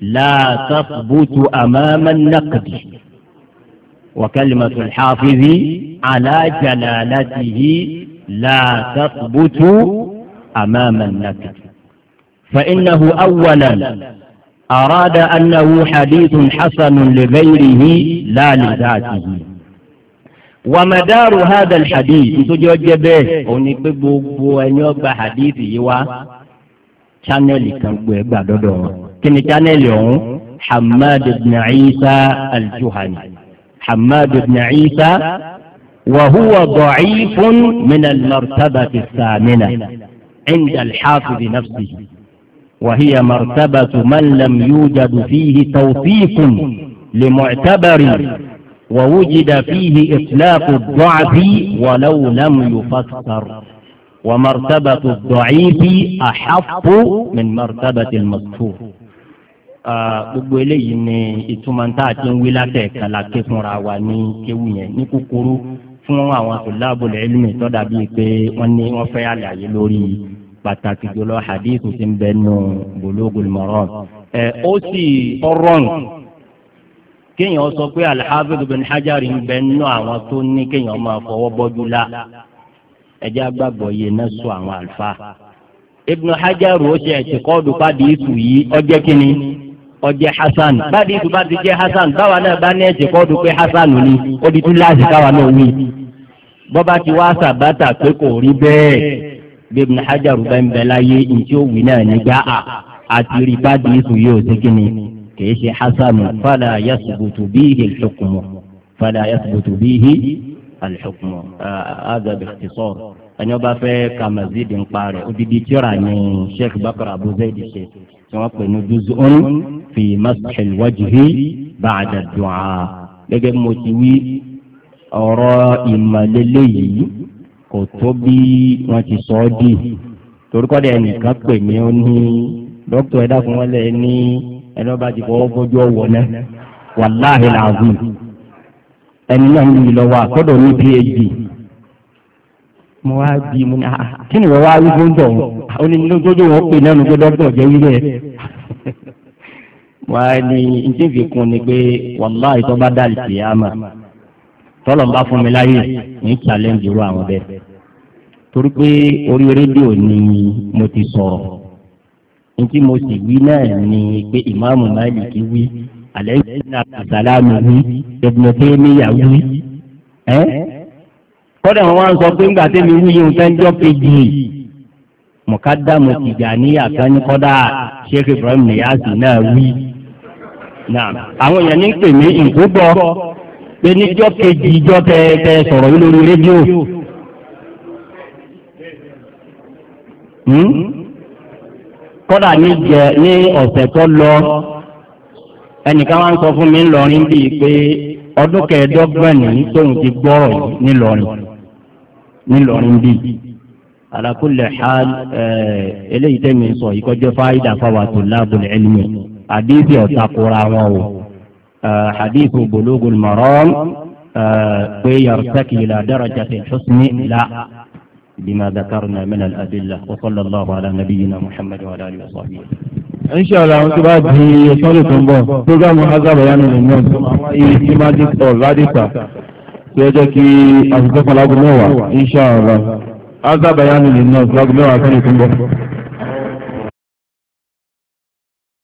لا تثبت أمام النقد وكلمة الحافظ على جلالته لا تثبت أمام النقد فإنه أولا أراد أنه حديث حسن لغيره لا لذاته wàmàdàrú hàdà hadith nítorí ọjọ́ bẹ́ẹ̀ òun ni pé gbogbo ẹni ọgbà hadith yìí wá chanẹ́ẹ̀lì kan gbọ́ ẹgbà dọ́dọ̀ wọn kí ni chanẹ́ẹ̀lì ọ̀hún hamad ibn isa al-juhani hamad ibn isa wa huwa da'ifun min al-martabati as-samina inda al-hafiz nafsihi wa hiya martabatu man lam yujadu fihi tawfiqun li mu'tabari. ووجد فيه إطلاق الضعف ولو لم يفسر ومرتبة الضعيف أحف من مرتبة المذكور gbogbo eléyìí ni ìtumọ̀ tá a ti ń wí látẹ̀ka la ké fúnra wa ní kéwù yẹn ní kúkúrú fún àwọn tòlábòlẹ̀ ẹlùmí tọ́da bíi pé wọ́n ní wọ́n fẹ́ àlàyé lórí pàtàkì jùlọ hadith ti ń bẹ́ẹ̀ nù bulugul maram. ó sì ọ̀rọ̀ nù kéèyàn sọ pé al-Hafiz Ibn Hajar ń bẹ nínú àwọn tó ní kéèyàn máa fọwọ́ bọ́jú la ẹjẹ́ agbàgbọ́ yìí náà sọ àwọn àlùfà. Ibn Hajar ó ṣe ẹ̀tìkọ́dù fàdíìsù yìí ọjẹ́ kínní ọjẹ́ hasan fàdíìsù bá ti jẹ́ hasan báwa náà bá ní ẹ̀tìkọ́dù pé hasan ni ó di tún káwa náà wí. bọ́ba ti wá bẹ́ẹ̀ bí Ibn Hajar bẹ́ẹ̀ kìí ṣe hasanu fala yasubutu bihi alḥukumu fala yasubutu bihi alḥukumu aza bi ikhtisar ẹni ọba fẹ́ ka mazid ń parẹ́ odidi tíra ni sheikh bakar abu zayd ṣe tí wọ́n pè ní juz'un fi masahil wajhi ba'da du'a gẹ́gẹ́ mo ti wí ọ̀rọ̀ ìmọ̀lélẹ́ yìí kò tó bí wọ́n ti sọ ọ́ dì torúkọ́ dẹ̀ nìkan pè mí ó ní dókítà ẹ̀dá fún wọn lẹ̀ ní. ẹni ọba ti fọwọ́ bọ́jú ọwọ́ náà ẹni náà ń yí lọ́wọ́ àkọ́dọ̀ ní phd mo wá bí mo ní àá ah, ah, ah. kí ni wọ́n wá rí gbọ́dọ̀ ó ní pè náà jẹ́ wílẹ̀ wá ní fi kún ni pé tó bá dà tọ́lọ̀ ń bá nítí mo sì wí náà ni pé ìmáàmù Málíkì wí alẹ́ ìsìn àtàlámù wí Ibn Taymiyyah wí. kọ́dà wọn wá ń sọ pé ńgbà tẹ́mi wí yóò fẹ́ jọ́ kejì mọ̀kádàmù Tìjàníyà kan ní kọ́dà Sheikh Ibrahim Niyazi náà wí. àwọn èèyàn ní pè mí ìkóbọ̀ pé níjọ́ kejì ìjọ́ tẹ tẹ sọ̀rọ̀ yìí lórí rédíò. Hmm? kọ́dà ní jẹ ní ọ̀sẹ̀ tó lọ ẹnìkan wá ń sọ fún mi ńlọrin bíi pé ọdún kẹẹ̀ẹ́dọ́gbọ̀n ní tóun ti gbọ́rọ̀ nílọrin nílọrin bíi alakulẹ̀ ha eléyìí tẹ́mi sọ yìí kọjọ́ fáyidà fáwọn àtúnláàbùn ẹ̀lmí àdìsí ọ̀takùrà wọn o àdìsí bulugul maram pé yàrá sẹ́kì ìlà darajatil husni la. بما ذكرنا من الأدلة وصلى الله على نبينا محمد وعلى آله وصحبه إن شاء الله أنت بعد هي صلاة بو بروجرام هذا بيان للناس في ماجد أو راديسا سيجاك أصدق الأغنوة إن شاء الله هذا بيان للناس الأغنوة صلاة بو